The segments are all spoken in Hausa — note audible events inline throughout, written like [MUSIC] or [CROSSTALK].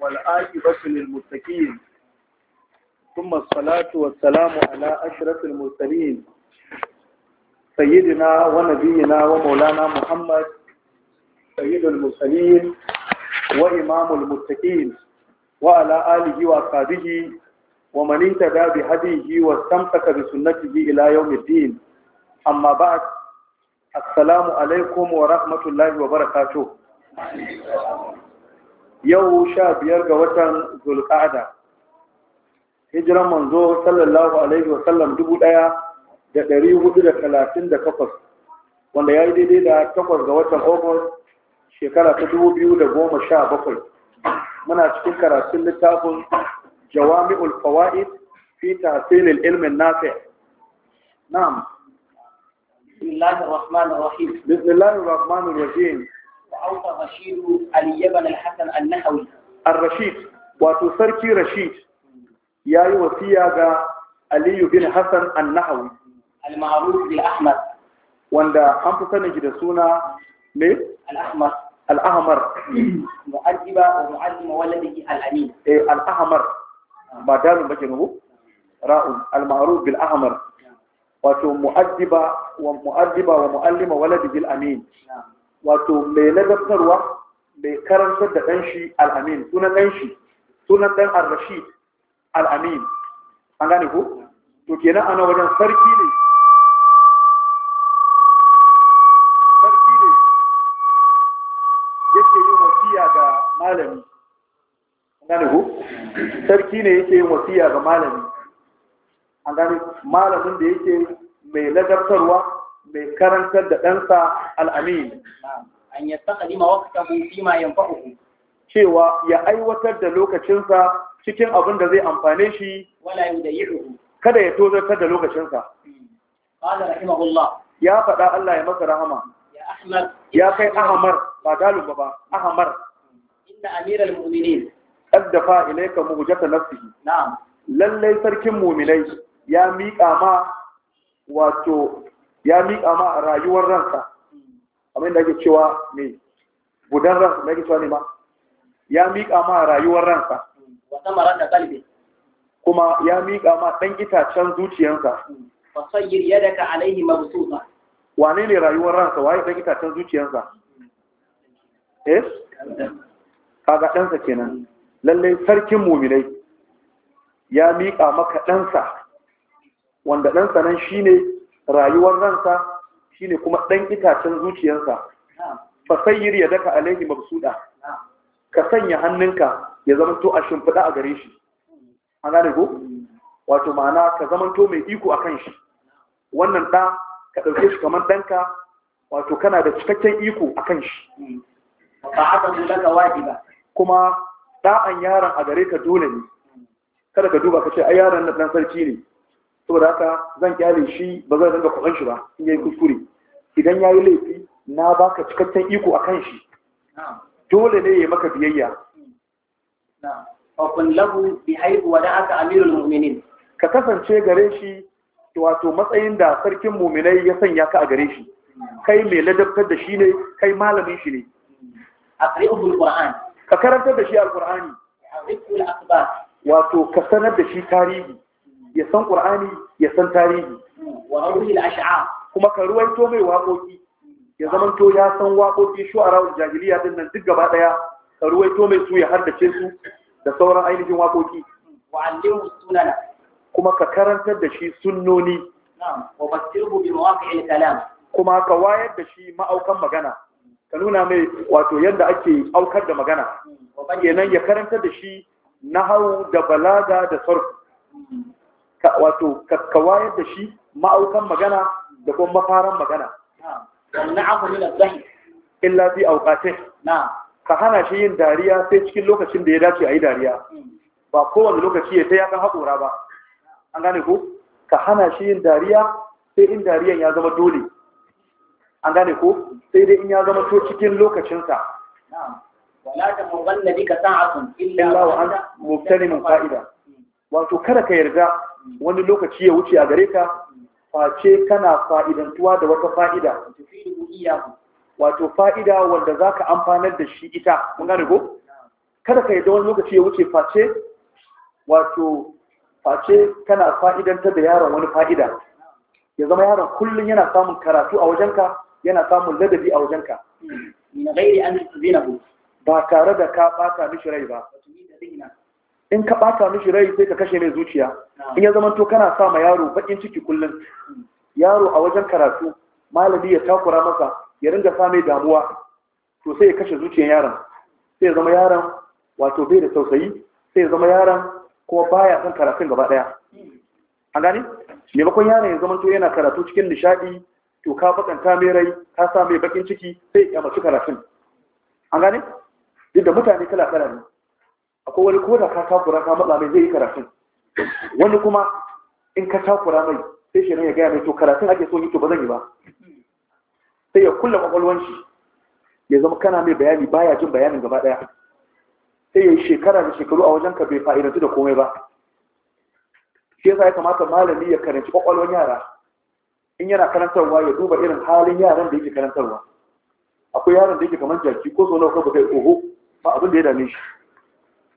والآكبة للمتقين ثم الصلاة والسلام على أشرف المرسلين سيدنا ونبينا ومولانا محمد سيد المرسلين وإمام المتقين وعلى آله وأصحابه ومن انتدى بهديه واستمسك بسنته إلى يوم الدين أما بعد السلام عليكم ورحمة الله وبركاته yau sha biyar ga watan zulƙada hijiran manzo sallallahu alaihi wasallam dubu ɗaya da ɗari hudu da talatin da takwas wanda ya yi daidai da takwas ga watan ogos shekara ta dubu biyu da goma sha bakwai muna cikin karatun littafin jawami'ul fawa'id fi tahsilil ilmin nafi na'am بسم الله الرحمن الرحيم بسم الله الرحمن الرحيم أوصى رشيد علي بن الحسن النحوي الرشيد وتسركي رشيد يا يوسيا علي بن حسن النحوي المعروف بالأحمر وندا أنت سنجد سونا مي الأحمر الأحمر مؤدب ومعلم ولده الأمين إيه الأحمر ما دار بجنه راء المعروف بالأحمر وتو مؤدب ومؤدب ومعلم ولده الأمين نعم wato mai lagabtarwa mai karantar da ɗanshi al'amin sunan ɗanshi sunan ɗan al-rashid al'amin an gane ko to kenan ana wajen sarki ne sarki ne yake yi wasiya ga malami an gane ko sarki ne yake yi wasiya ga malami an gane malamin da yake mai lagabtarwa mai karantar da ɗansa al'amini. an ya saka lima wakta fi ma yanfa'uhu cewa ya aiwatar da lokacinsa cikin abin da zai amfane shi wala da yi yudayihu kada ya tozartar da lokacinsa hmm. qala rahimahullah ya faɗa Allah ya masa rahama ya ahmad ya kai ahmar ba dalib ba ahmar hmm. inna amiral mu'minin qaddafa ilayka muhjata nafsihi na'am lallai sarkin mu'minai ya miƙa ma wato ya miƙa ma a rayuwar ransa Amin da ake cewa ne budan ransa da ake cewa ne ma ya miƙa ma a rayuwar ransa kuma ya miƙa ma ɗan itacen zuciyarsa wane ne rayuwar ransa waye ɗan itacen zuciyarsa? eh kagaɗansa kenan lallai sarkin mominai ya miƙa maka ɗansa wanda ɗansa nan shine rayuwar ransa shine kuma ɗan itacen zuciyarsa fasayyir ya daka alaihi mabsuda ka sanya hannunka ya zamanto a shimfiɗa a gare shi an gane go wato ma'ana ka zamanto mai iko a kan shi wannan ɗa ka ɗauke shi kamar ɗanka wato kana da cikakken iko a kan shi mu daga wajiba kuma ɗa'an yaron a gare ka dole ne kada ka duba ka ce ai yaron na ɗan sarki ne saboda haka zan kyale shi ba zan dinga kwakan shi ba in yayi kuskure idan yayi laifi na baka cikakken iko kan shi dole ne ya maka biyayya fakun lahu bi haihu wa da'aka amirul mu'minin ka kasance gare shi wato matsayin da sarkin mu'minai ya sanya ka a gare shi kai mai ladabtar da shi ne kai malamin shi ne aqri'ul qur'an ka karantar da shi alqur'ani wato ka sanar da shi tarihi ya san ƙur'ani ya san tarihi wa awri al-ash'ar kuma ka ruwaito mai waƙoƙi ya to ya san waƙoƙi rawar jahiliya din nan duk gaba daya ka ruwaito mai su ya haddace su da sauran ainihin waƙoƙi wa sunana kuma ka karantar da shi sunnoni na'am wa basirhu bi mawaqi'il kalam kuma ka wayar da shi ma'aukan magana ka nuna mai wato yadda ake aukar da magana kenan ya karantar da shi nahawu da balaga da sarfu mm. wato ka wayar da shi ma'aukan magana da kuma mafaran magana na'am min al-dahi illa bi awqatihi na ka hana shi yin dariya sai cikin lokacin da ya dace a yi dariya hmm. ba kowane lokaci ya sai ya kan haƙora ba an gane ko ka hana shi yin dariya sai in dariyan ya zama dole an gane ko sai dai in ya zama to cikin lokacinsa wala ta mubanna bika sa'atun illa wa anta mubtalimun fa'ida hmm. wato kada ka yarda wani lokaci ya wuce a gare ka face kana fa'idantuwa da wata fa'ida wato fa'ida wanda za ka amfanar da shi ita mun gane ko kada ka yadda wani lokaci ya wuce face wato face kana fa'idantar da yaron wani fa'ida ya zama yaron kullum yana samun karatu a wajenka yana samun ladabi a wajenka ba tare da ka ɓata mishi rai ba in ka ɓata mishi rai sai ka kashe mai zuciya in ya zama to kana sa ma yaro baƙin ciki kullum yaro a wajen karatu malami ya takura masa ya ringa sa mai damuwa to sai ya kashe zuciyar yaron sai ya zama yaron wato bai da tausayi sai ya zama yaron kuma baya son karatun gaba ɗaya an gane maimakon yaron ya zama to yana karatu cikin nishaɗi to ka bakanta mai rai ka sa mai baƙin ciki sai ya kyamaci karatun an gane duk da mutane kala kala ne akwai wani ko da ka takura ka matsa mai zai yi karatun wani kuma in ka takura mai sai shi ya gaya mai to karatun ake so yi to ba zan yi ba sai ya kulla kwakwalwan ya zama kana mai bayani baya jin bayanin gaba daya sai ya yi shekara da shekaru a wajen ka bai fa'idantu da komai ba shi yasa ya kamata malami ya karanci kwakwalwan yara in yana karantarwa ya duba irin halin yaran da yake karantarwa akwai yaran da yake kamar jaki ko so nawa ka ba kai oho ba abin da ya dame shi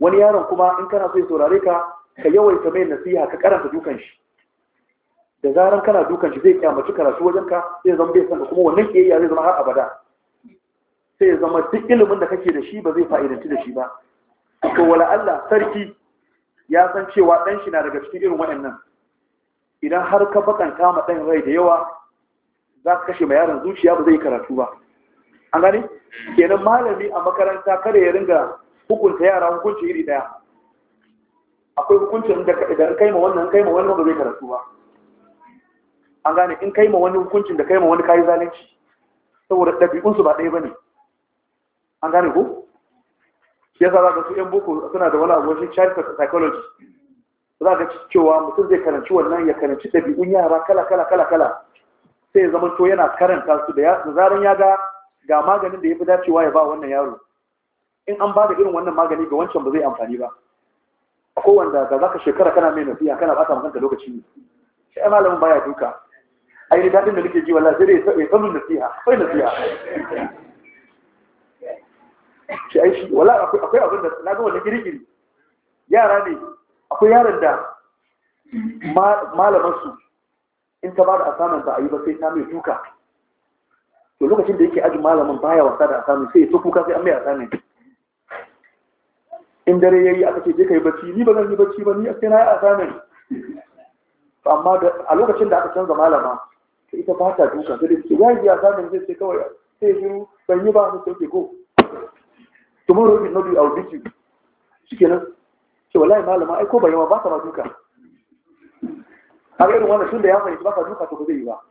wani yaron kuma in kana so ya saurare ka ka yawaita mai nasiha ka karanta dukan shi da zaran kana dukan shi zai kyamaci karatu wajen ka sai zama bai san kuma wannan kiyayya zai zama har abada sai ya zama duk ilimin da kake da shi ba zai fa'idanci da shi ba to wala Allah sarki ya san cewa dan shi na daga cikin irin waɗannan idan har ka bakanta ma dan rai da yawa za ka kashe ma yaron zuciya ba zai karatu ba an gane kenan malami a makaranta kada ya ringa hukunta yara hukunci iri daya akwai hukuncin da idan kai ma wannan kai ma wannan ba zai karatu ba an gane in kai ma wani hukuncin da kai ma wani kayi zalunci saboda ɗabi'unsu ba ɗaya ba ne an gane ko shi yasa za ka su 'yan boko suna da wani abu shi child psychology za ka cewa mutum zai karanci wannan ya karanci ɗabi'un yara kala kala kala kala sai ya zama to yana karanta su da zaran ya ga ga maganin da ya fi dacewa ya ba wannan yaro in an ba da irin wannan magani ga wancan ba zai amfani ba akwai wanda ga zaka shekara kana mai nasiya kana bata maka lokaci ne shi ai malamin baya duka ai dadin da nake ji wallahi sai dai ya sanu nasiha akwai nasiha shi ai shi wallahi akwai akwai da na ga wannan girgiri yara ne akwai yaran da malaman su in ta ba da asamin ba a yi ba sai ta mai duka to lokacin da yake aji malamin baya wasa da asamin sai ya ta sai an mai asamin in dare ya yi aka ce je ka yi bacci ni ba zan yi bacci ba ni a sai na yi assignment amma a lokacin da aka canza malama ta ita ba ta duka sai dai ya yi assignment zai ce kawai sai yi ban yi ba sai ke go tomorrow is not the our duty nan ce wallahi malama ai ko ban yi ba ta ma duka a irin wannan tun da ya fahimci ba ta duka to ba zai yi ba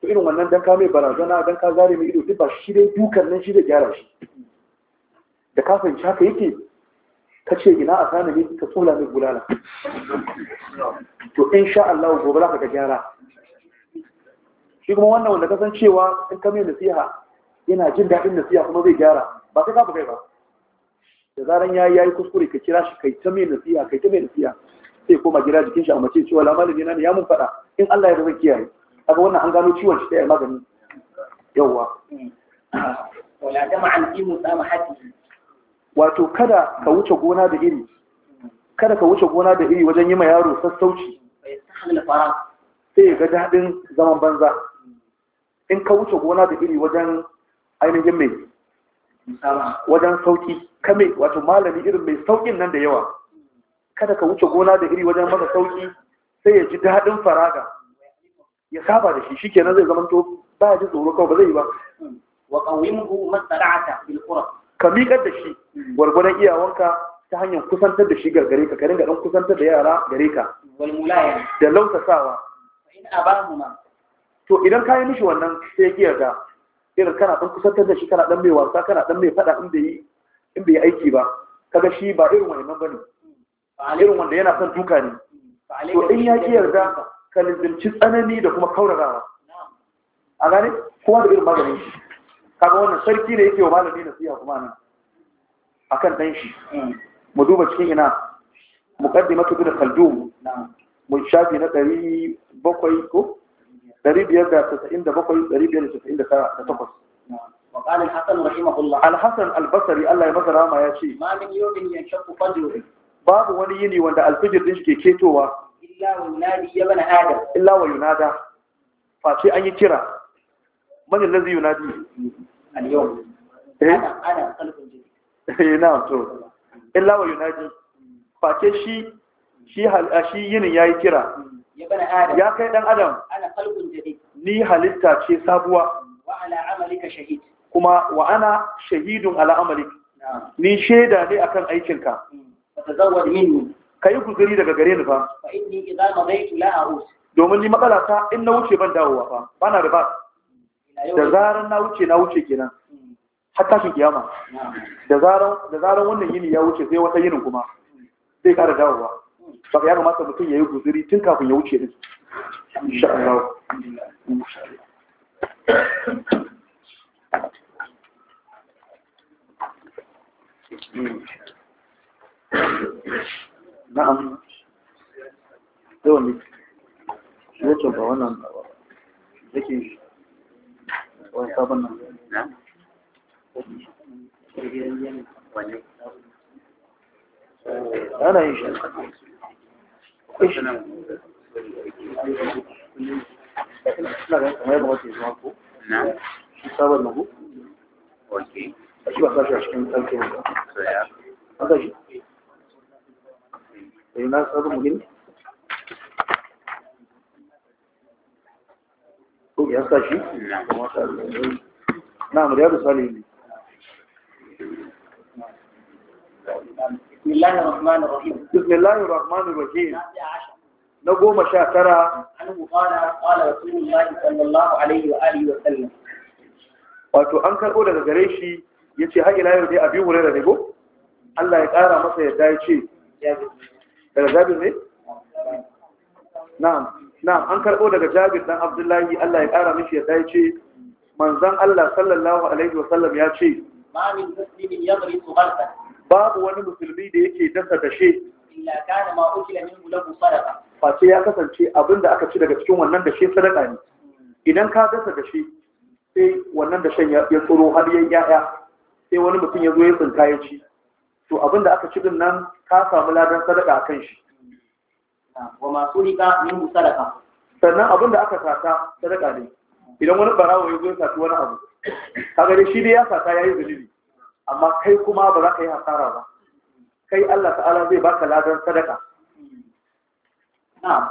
to irin wannan dan ka mai barazana dan ka zare mai ido duk ba shi dai dukan nan shi da gyara shi da kafin fahimci haka yake ka ce gina a sami ne ka tsola mai bulala to in sha Allah gobe za ka gyara shi kuma wannan wanda kasan cewa in ka mai nasiha yana jin daɗin nasiha kuma zai gyara ba sai kafa kai ba da zaran ya yi kuskure ka kira shi kai ta mai nasiha kai ta mai nasiha sai koma gida jikin shi a mace cewa lamalin yana ne ya mun faɗa in Allah ya zama kiyaye kaga wannan an gano ciwon shi ta yi magani yawwa wala jama'an fi hadisi wato kada ka wuce gona da iri kada ka wuce gona da iri wajen yi ma yaro sassauci sai ga daɗin zaman banza in ka wuce gona da iri wajen ainihin mai wajen sauki kame wato malami irin mai saukin nan da yawa kada ka wuce gona da iri wajen masa sauki sai ya ji daɗin faraga ya saba da shi shi kenan zai zama to ba ya ji tsoro kawai ba zai yi ba wa qawimhu masalata ta qura ka miƙar da shi gwargwadon iyawanka ta hanyar kusantar da shi gargare ka ka gaɗin ɗan kusantar da yara gare ka da sawa. to idan ka yi mishi wannan sai ya yarda irin kana ɗan kusantar da shi kana ɗan mai wasa kana ɗan mai faɗa in bai yi aiki ba kaga shi ba irin wannan bane irin wanda yana son duka ne to in ya ki yarda ka lizimci tsanani da kuma kaurarawa a gane kuma da irin maganin shi kaga wannan sarki ne yake wa malami nasiha kuma nan akan dan shi hmm. mu duba cikin ina muqaddimatu bin khaldum mu shafi na 700 ko 597 وقال الحسن رحمه Allah ya البصري الله ya ce. يشي ما من يوم ينشق فجره باب وني يني وند الفجر دين شي ketowa. illa wa ya bana adam illa wa yunada face an yi kira man allazi yunadi eh na [LAUGHS] eh, to illa wa yunadi shi yinin yayi kira ya bana adam ya kai dan adam ni halitta ce sabuwa kuma wa ana shahidun ala ni shaida ne akan aikinka hmm. fatazawwad daga gare ni fa fa inni idza madaitu la domin ni matsala in na wuce ban dawowa fa bana riba da zarar na wuce na wuce kenan har tashin kiyama da zarar wannan yini ya wuce sai wata yinin kuma zai kara dawowa ba ya kamata mutum ya yi guziri tun kafin ya wuce din insha Allah na'am yawan ne ya ce ba wannan yake wani sabon sabon nan a shi cikin ba? ya? Eh, na sabon gini? an sa shi na amurya da salihin بسم الله الرحمن الرحيم بسم الله الرحمن الرحيم na goma sha tara wato an karɓo daga gare shi ya ce haƙila yau dai abin wurin da go Allah ya ƙara masa yadda ya ce zabi ne na'am na'am an karbo daga Jabir dan Abdullahi Allah ya kara mishi ya dai ce manzon Allah sallallahu alaihi wa sallam ya ce ma min muslimin yamritu babu wani musulmi da yake dasa dashe illa kana ma ukila minhu lahu sadaqa face ya kasance abinda aka ci daga cikin wannan dashe sadaka ne idan ka dasa dashe sai wannan dashen ya tsoro har ya yaya sai wani mutum ya zo ya tsinka ya ci to abinda aka ci din nan ka samu ladan sadaka kan shi wa masu rika min sadaka sannan abin da aka sata sadaka ne idan wani barawo ya zo ya wani abu kaga dai shi ne ya sata yayi zunubi amma kai kuma ba za ka yi hasara ba kai Allah ta'ala zai baka ladan sadaka na'am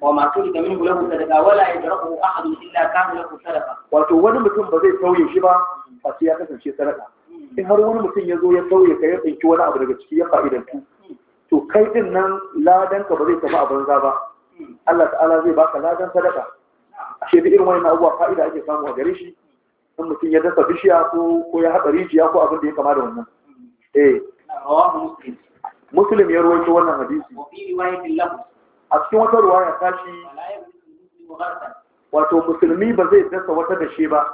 wa masu rika min lahu sadaka wala yadrahu ahad illa kana lahu sadaka wato wani mutum ba zai sauye shi ba fa ya kasance sadaka in har wani mutum ya zo ya sauye ka ya tsinci wani abu daga ciki ya fa'idantu to kai din nan ladan ka ba zai tafi a banza ba Allah ta'ala zai baka ladan sadaka ashe da irin wannan abubuwa fa'ida ake samu a gare shi in mutum ya dasa bishiya ko ko ya haɗa rijiya ko abin da ya kama da wannan eh muslim ya rawaito wannan hadisi a cikin wata ruwaya ta shi wato musulmi ba zai dasa wata dashe ba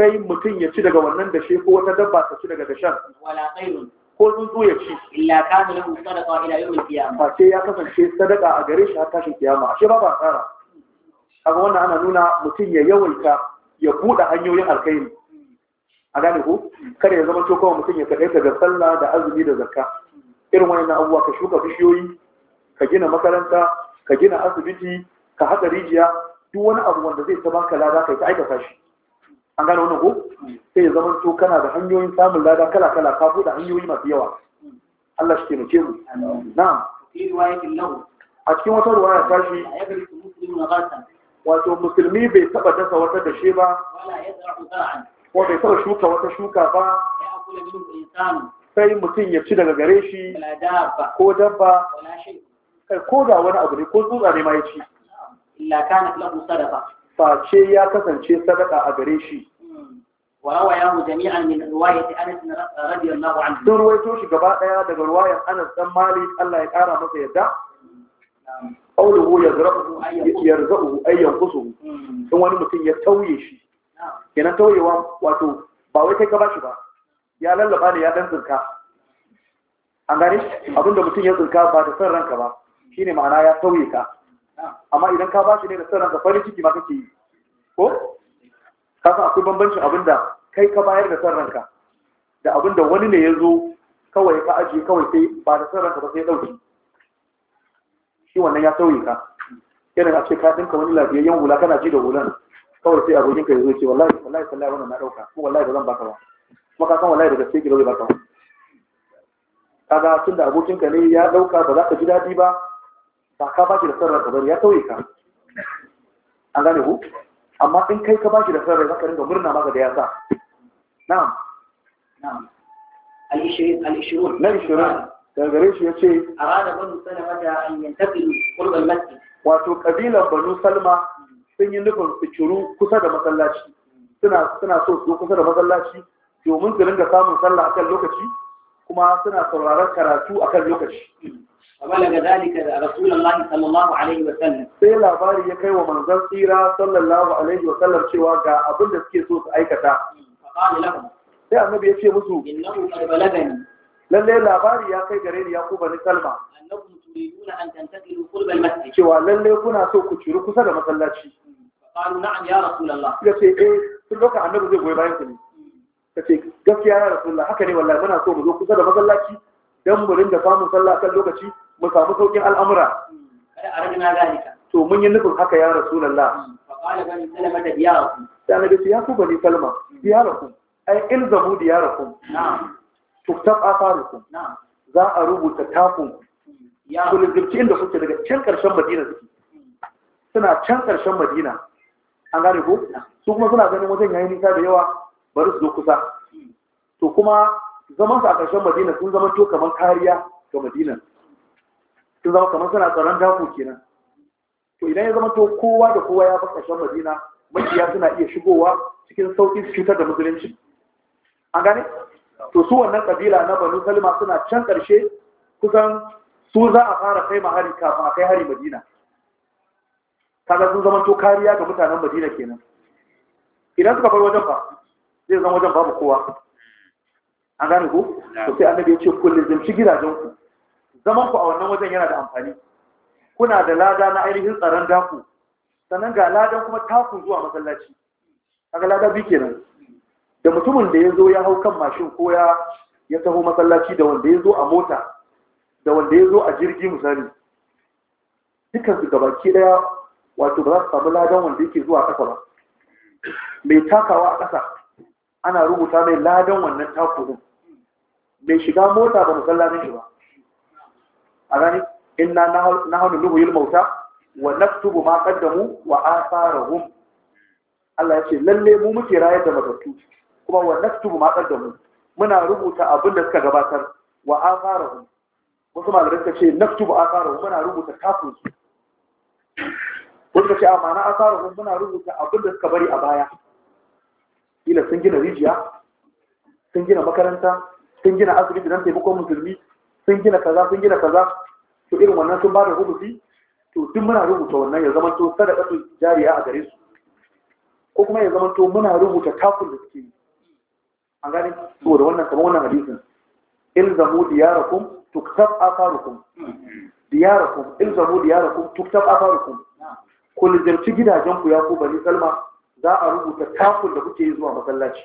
sai mutum ya ci daga wannan dashe ko wata dabba ta ci daga dashen ko tsuntsu ya ci illa kana lahu sadaqa ila yawm qiyamah ba ya kasance sadaka a gare shi har tashin kiyama shi ba ba tsara kaga wannan ana nuna mutum ya yawaita ya buɗe hanyoyin alkhairi a gane ko kada ya zama to mutum ya kaɗaita daga sallah da azumi da zakka irin wannan abubuwa ka shuka bishiyoyi ka gina makaranta ka gina asibiti ka haɗa rijiya duk wani abu wanda zai ta baka lada kai ta aikata shi an gano wani ko sai ya zama to kana da hanyoyin samun lada kala kala ka da hanyoyi masu yawa Allah shi taimake mu na'am a cikin wata ruwaya ta shi wato musulmi bai taba dasa wata dashe ba ko bai taba shuka wata shuka ba sai mutum ya ci daga gare shi ko dabba ko da wani abu ne ko tsutsa ne ma ya ci face ya kasance sadaka a gare shi وروياه جميعا من رواية أنس رضي الله عنه دون ويتوش قباء يا دقى رواية أنس أم مالك الله يقارى مصر يدع قوله يزرقه يرزقه أي wani mutum ya يتوي shi. kenan tauyewa wato ba wai kai ka bashi ba ya lallaba ne ya dan tsinka an gane abinda mutum ya tsinka ba da san ranka ba shine ma'ana ya tauye ka amma idan ka bashi ne da san ranka farin ciki ma kake yi ko Kasa akwai bambancin abinda kai ka bayar da sarranka da abin da wani ne ya zo kawai ka ajiye kawai sai ba da sarranka ba sai ɗauki shi wannan ya sauyi ka irin a ce ka dinka wani yan hula kana ji da hulan kawai sai abokin ka ya zo ce wallahi wallahi sallahi wannan na ɗauka ko wallahi ba zan baka ba kuma ka san wallahi daga gaske ki ba baka ba kaga tun da abokin ka ne ya ɗauka ba za ka ji daɗi ba ba ka ba da sarranka ba ya sauyi ka an gane ku amma in kai ka ba da san ranka ka dinga murna maka da ya sa na'am na'am al-ishirin al-ishirun na ishirin daga gare shi ya ce arada banu salama da an yantaqilu qurbal wato kabilan banu salma sun yi nufin su ciru kusa da masallaci suna so su kusa da masallaci domin su ringa samun sallah akan lokaci kuma suna sauraron karatu akan lokaci balaga dalika da rasulullahi sallallahu alaihi wa sallam sai labari ya kai wa manzon tsira sallallahu alaihi wa sallam cewa ga abin da suke so su aikata sai annabi ya ce musu Lallai qad labari ya kai gare ni ya kuba ni salma annakum turiduna an tantaqilu cewa lalle kuna so ku ciru kusa da masallaci qalu na'am ya ce eh sun lokacin annabi zai goyi bayan ku ne ya ce gaskiya ya rasulullah haka ne wallahi muna so mu zo kusa da masallaci dan mu ringa samun sallah kan lokaci mu samu saukin al'amura hmm. to mun yi nufin haka ya rasulullah hmm. da na gaci ya ku bani salma diyarakum ai ilzamu diyarakum tuktab asarukum za a rubuta takun ku lizirci inda suke daga can karshen madina suke suna can karshen madina an gane ko su kuma suna ganin wajen yayin nisa da yawa bari su zo kusa to kuma zaman su a karshen madina sun zama to kamar kariya ga madina sun zama kamar suna tsaron dako kenan to idan ya zama to kowa da kowa ya bar ƙarshen madina makiya suna iya shigowa cikin sauƙin cutar da musulunci an gane to su wannan ƙabila na banu salma suna can ƙarshe kusan su za a fara kai ma hari kafin a kai hari madina kaga sun zama to kariya ga mutanen madina kenan idan suka bar wajen ba, zai zama wajen babu kowa an gane ku to sai annabi ya ce kullum zamci gidajen ku zaman ku a wannan wajen yana da amfani kuna da lada na ainihin tsaron daku sannan ga ladan kuma taku zuwa masallaci kaga lada bi kenan da mutumin da ya zo ya hau kan mashin ko ya ya taho masallaci da wanda ya zo a mota da wanda ya zo a jirgi misali dukkan su gabaki daya wato ba za su samu ladan wanda yake zuwa ƙasa ba mai takawa a ƙasa ana rubuta mai ladan wannan takurin mai shiga mota ba musallacin shi ba a gani inna nahnu nuhyil mauta wa naktubu ma qaddamu wa atharuhum Allah ya ce lalle mu muke rayar da matattu kuma wa naktubu ma qaddamu muna rubuta abin da suka gabatar wa atharuhum wasu malamai suka ce naktubu atharuhum muna rubuta kafin su wasu ce amma na atharuhum muna rubuta abin da suka bari a baya ila sun gina rijiya sun gina makaranta sun gina asibiti don taimakon musulmi sun gina kaza sun gina kaza to irin wannan sun ba da rubuti to duk muna rubuta wannan ya zama to sadaqatu jariya a gare su ko kuma ya zama to muna rubuta kafin da suke yi an gane saboda wannan kamar wannan hadisin ilzamu diyarakum tuktab atharukum diyarakum ilzamu diyarakum tuktab atharukum ku lizarci gidajen ku ya ku bani salma za a rubuta kafin da kuke yi zuwa masallaci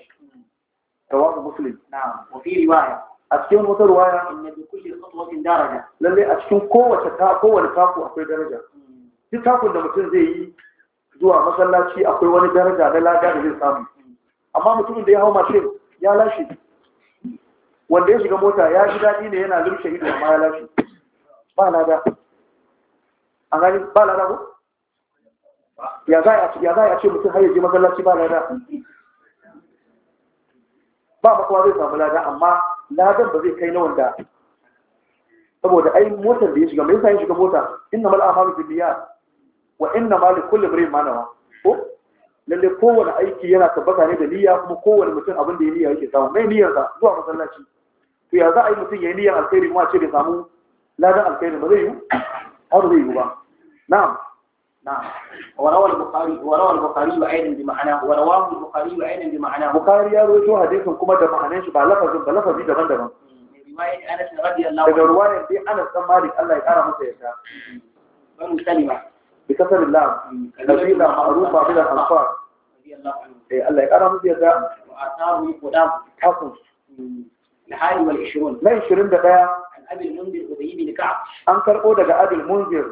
rawahu muslim na'am wa fi riwaya a cikin wata ruwaya inna bi kulli khutwatin daraja lalle a cikin kowace ta kowace taku akwai daraja duk takun da mutum zai yi zuwa masallaci akwai wani daraja na lada da zai samu amma mutumin da ya hau mashin ya lashe wanda ya shiga mota ya ji daɗi ne yana lurshe ido amma ya lashe ba lada an gani ba lada ko ya za a ce mutum har yaje masallaci ba lada ba makawa zai samu lada amma ladan ba zai kai na wanda saboda ai motar da ya shiga mai yasa ya shiga mota inna mal amalu bil niyyat wa inna ma li kulli imrin ma nawa ko lalle kowane aiki yana tabbata ne da niyya kuma kowane mutum abin da ya niyya yake samu mai sa zuwa masallaci to ya za a yi mutum ya yi niyyar alkhairi kuma a ce da samu ladan alkhairi ba zai yi har zai yi ba na'am نعم وروى البخاري وروى البخاري ايضا بمعناه ورواه البخاري ايضا بمعناه البخاري كما ده معناه daga ruwayar dai Anas dan Malik Allah ya kara masa yarda banu salima bi kasar lam kabila ma'rufa bil ansar radiyallahu anhu eh Allah ya kara masa yarda wa والعشرون ما يشرون ده عن أبي المنذر المنذر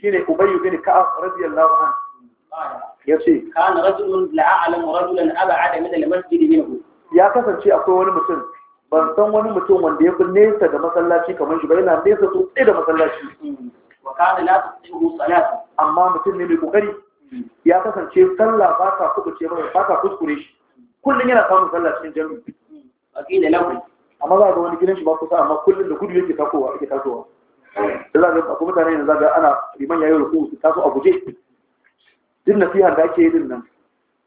shine ubayyu bin ka'ab radiyallahu anhu yace kana rajulun la a'lamu rajulan ab'ada min al-masjid minhu ya kasance akwai wani mutum ban san wani mutum wanda ya fi nesa da masallaci kamar shi ba yana nesa sosai da masallaci wa kana la tusibu salatu amma mutum ne mai kokari ya kasance sallah ba ta kubuce ba ba ta kuskure shi kullum yana samun sallah cikin jami'i a kila lahu amma za ga wani gidan shi ba kusa amma kullum da gudu yake takowa yake takowa da za ga akwai mutane da za ga ana liman yayin ruku su taso a guje din nasiha da ake yi din nan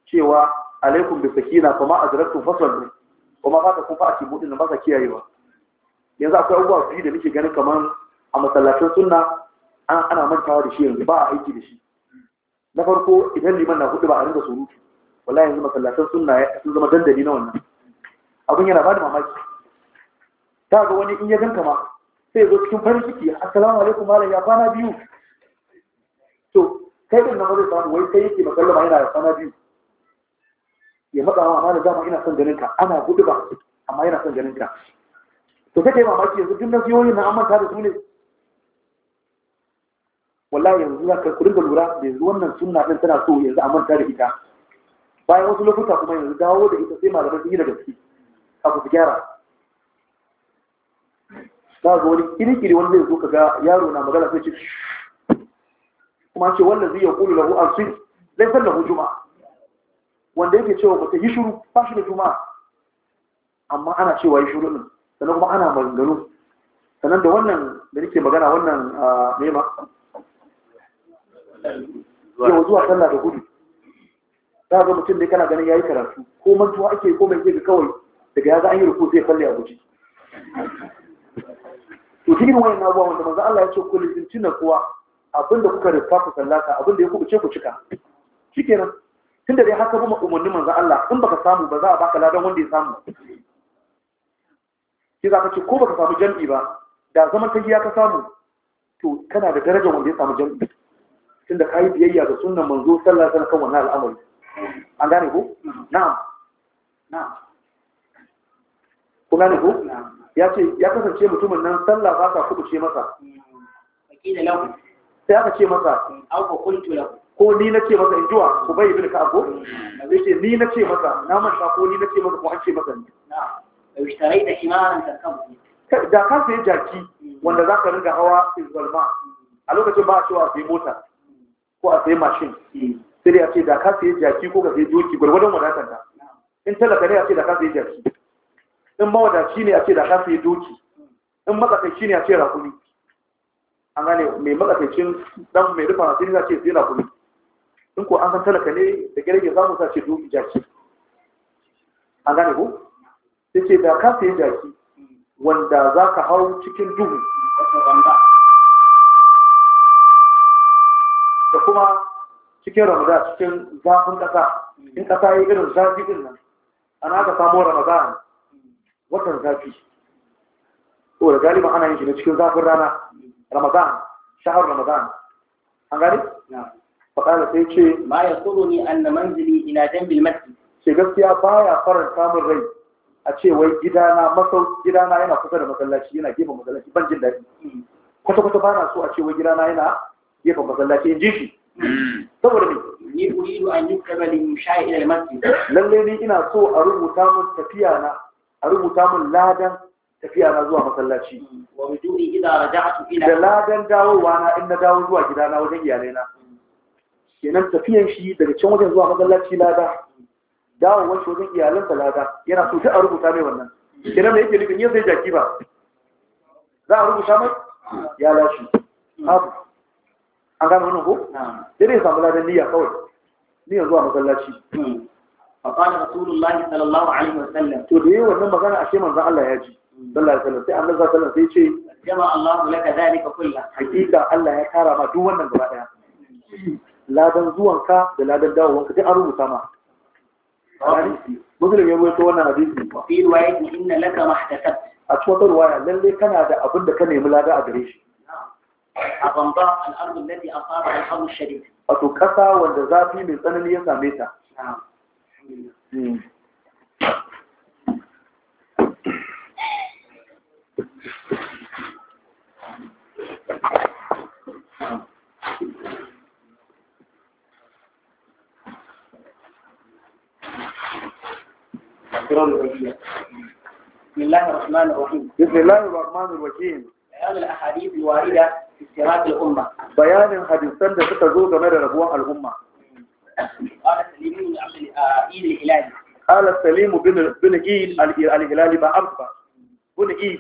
cewa alaikum bi sakina kuma azraktum fasallu kuma ba kun fa a cikin mutun ba sa kiyayewa yanzu akwai abubuwa biyu da nake ganin kamar a masallacin sunna ana mantawa da shi yanzu ba a aiki da shi na farko idan liman na hudu ba a rinka surutu wallahi yanzu masallacin sunna sun zama dandali na wannan abin yana ba da mamaki ta ga wani in ya ganka ma sai zo cikin farin ciki assalamu alaikum malam ya kwana biyu to kai din nan ta samu wai sai yake magallama yana da kwana biyu ya matsawa amma da dama ina son ganin ka ana gudu ba amma yana son ganin ka to kai mamaki yanzu duk nasihohin na amanta da su ne wallahi yanzu za ka kurin da lura da yanzu wannan sunna din tana so yanzu a manta da ita bayan wasu lokuta kuma yanzu dawo da ita sai malamai su yi da gaske kafin su gyara za ga wani kirkiri wani zai zo ka ga yaro na magana sai ce kuma ce wanda zai ya kulu lahu alsin zai san lahu juma wanda yake cewa ba ta yi shuru ba shi da juma'a amma ana cewa yi shuru din sannan kuma ana maganganu sannan da wannan da nake magana wannan nema yau zuwa sallah da gudu ta ga mutum da kana ganin yayi karatu ko mantuwa ake ko mai ke ga kawai daga ya za an yi ruku zai falle a guji to cikin wannan abuwa wanda manzo Allah ya ce ku lizinci na kuwa abinda kuka rufa ku sallata abinda ya kubuce ku cika shikenan tunda dai haka kuma umarni manzo Allah in baka samu ba za a baka ladan wanda ya samu shi za ka ce ko baka samu jam'i ba da zaman tahiya ka samu to kana da darajar wanda ya samu jam'i tunda ka yi biyayya ga sunan manzo sallallahu alaihi kan wannan al'amari an gane ko na'am na'am kuma ne ko na'am ya ce ya kasance mutumin nan sallah ba ta kubuce masa sai aka ce masa ko ni na ce masa in juwa ku bai bin ka ko zai ce ni na ce masa na manta ko ni na ce masa ko an ce masa ne da ka sai jaki mm. wanda za ka ringa hawa izbalma a lokacin ba a cewa sai mota ko a sai mashin mm. sai dai ce da ka sai jaki ko ka sai doki gwargwadon wadatar in talaka ne a ce da ka sai jaki in shi ne a ce da ka ya doki in matsakaici ne a ce rakumi an gane mai matsakaicin dan mai rufa na za ce sai rakumi in ko an san talaka ne da gare zamu sa ce doki jaki an gane ko sai ce da ka ya jaki wanda za ka hau cikin duhu da kuma cikin ramadan cikin zafin ƙasa in ƙasa ya irin zafi ɗin nan ana ka samu ramadan watan zafi saboda galiban ana yin shi na cikin zafin rana ramadan shahar ramadan an gani? faƙala sai ce ma ya tsoro ne an na manzili ina jambil masjid ce gaskiya baya faranta samun rai a ce wai gidana masau gidana yana kusa da masallaci yana gefen masallaci ban jin daɗi mm. kwata kwata ba na so a ce wai gidana yana gefen masallaci in ji shi mm. saboda me ni uridu an yuktaba li musha'il al masjid lalle ni ina so a rubuta mun tafiya na a rubuta min ladan tafiya na zuwa masallaci wa rujui idza raja'tu ila da ladan dawowa na in na dawo zuwa na wajen iyalaina kenan tafiyan shi daga can wajen zuwa masallaci lada dawo shi wajen iyalansa lada yana so ta a rubuta mai wannan kenan da yake nufin yin sai jaki ba za a rubuta mai ya lashe abu an gano wannan ko dai zai samu ladan niyya kawai yanzu zuwa masallaci hmm. فقال رسول الله صلى الله عليه وسلم to da yawan nan magana ashe manzon Allah ya ji sallallahu alaihi wasallam sai annabi sallallahu alaihi wasallam sai ce jama Allah laka zalika kullu hakika Allah ya kara ma duk wannan gaba daya ladan zuwanka da ladan dawowanka duk an rubuta ma muslim ya rubuta wannan hadisi wa fi riwayati inna laka mahtasab a cikin riwaya lalle kana da abin da ka nemi lada a gare shi a bamba al-ardu allati asaba al-hamu shadid wato kasa wanda zafi mai tsanani ya same ta بسم الله الرحمن الرحيم بسم الله الرحمن الرحيم بيان الأحاديث الواردة في استراد الأمة بيان حديثا da suka zo game الأمة قال سليم بن بن إيل الهلالي ما أمسى بن إيل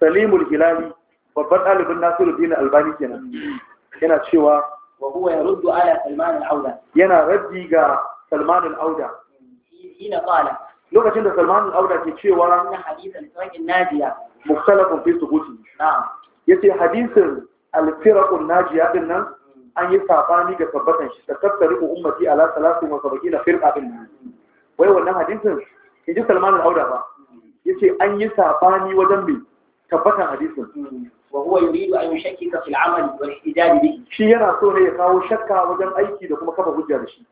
سليم الهلالي babban ɗalibin Nasiru Dina Albani yana cewa wa huwa yaruddu ala Salman al yana raddi ga Salman al ina qala lokacin da Salman al-Auda ke cewa na hadisin sirrin najiya mukhtalafun fi thubuti na'am yace hadisin al-firqun najiya din nan an yi sabani ga tabbatan shi tattattari ko ummati ala salatu wa sabaki na firqa din wai wannan hadisin in ji Salman al-Auda ba yace an yi sabani wajen bi tabbatan hadisin wa huwa yuridu an yushakkika fil amal wal ihtidal bihi shi yana so ne ya kawo shakka wajen aiki da kuma kafa hujja da shi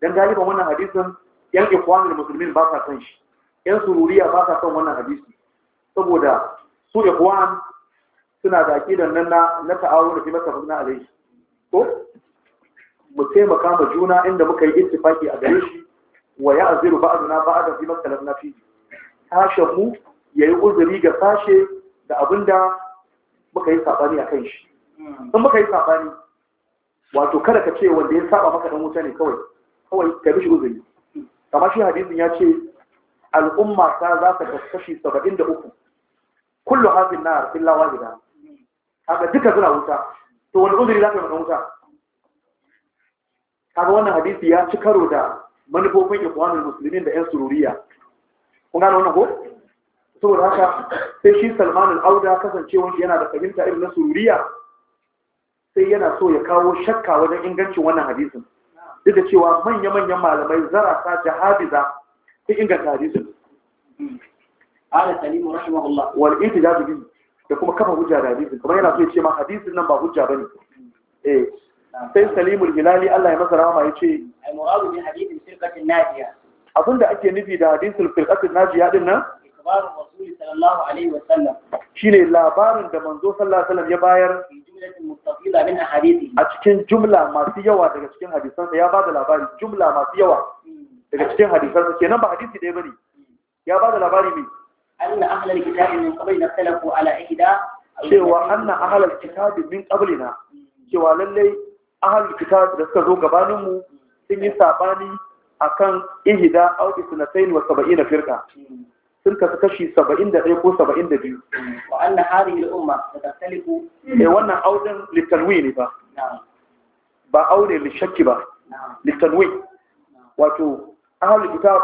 dan galiban wannan hadisin yan ikwanul muslimin ba sa san shi yan sururiya ba sa san wannan hadisi saboda su ikwan suna da aqidan nan na na ta'awun fi masafina alaihi ko mu taimaka ma juna inda muka yi ittifaki a gare shi wa ya aziru ba'duna ba'dan fi na nafi sashen mu yayi uzuri ga sashe da abinda muka yi sabani a kan shi hmm. in muka yi sabani wato kada ka ce wanda ya saba maka dan wuta ne kawai kawai ka bi shi uzuri kamar shi hadisin ya ce al'umma ta za ta kashi 73 kullu na nar illa wahida hmm. kaga duka suna wuta to wani uzuri za ka yi maka wuta kaga wannan hadisi ya ci karo da manufofin ikwanin musulmin da 'yan sururiya kun gano wannan ko saboda haka sai shi salmanin auda kasancewar yana da fahimta irin na sururiya sai yana so ya kawo shakka wajen ingancin wannan hadisin duk da cewa manya-manyan malamai zarata jahabiza ta inganta hadisin ala salimu rahimahullah wal intijaju bihi da kuma kafa hujja da hadisin kamar yana so ya ce ma hadisin nan ba hujja bane eh sai salimul hilali Allah ya masa rahama ya ce ai muradu min hadisin firqatin najiya abinda ake nufi da hadisul firqatin najiya din nan ikhbarun rasul sallallahu alaihi wasallam shine labarin da manzo sallallahu alaihi wasallam ya bayar a cikin jumla masu yawa daga cikin hadisansa ya bada labari jumla masu yawa daga cikin hadisansa kenan ba hadisi ɗaya bane ya bada labari mai أن أهل الكتاب من قبلنا اختلفوا على إحدى cewa anna ahlal kitabi min qablina cewa lallai ahlul kitab da suka zo gabaninmu mu sun yi sabani akan ihda aw isnatayn wa sab'ina firqa sun kasu kashi 71 ko 72 wa anna hadhihi al-umma tatalifu eh wannan audin ba ba aure li shakki ba litanwin wato ahlul kitab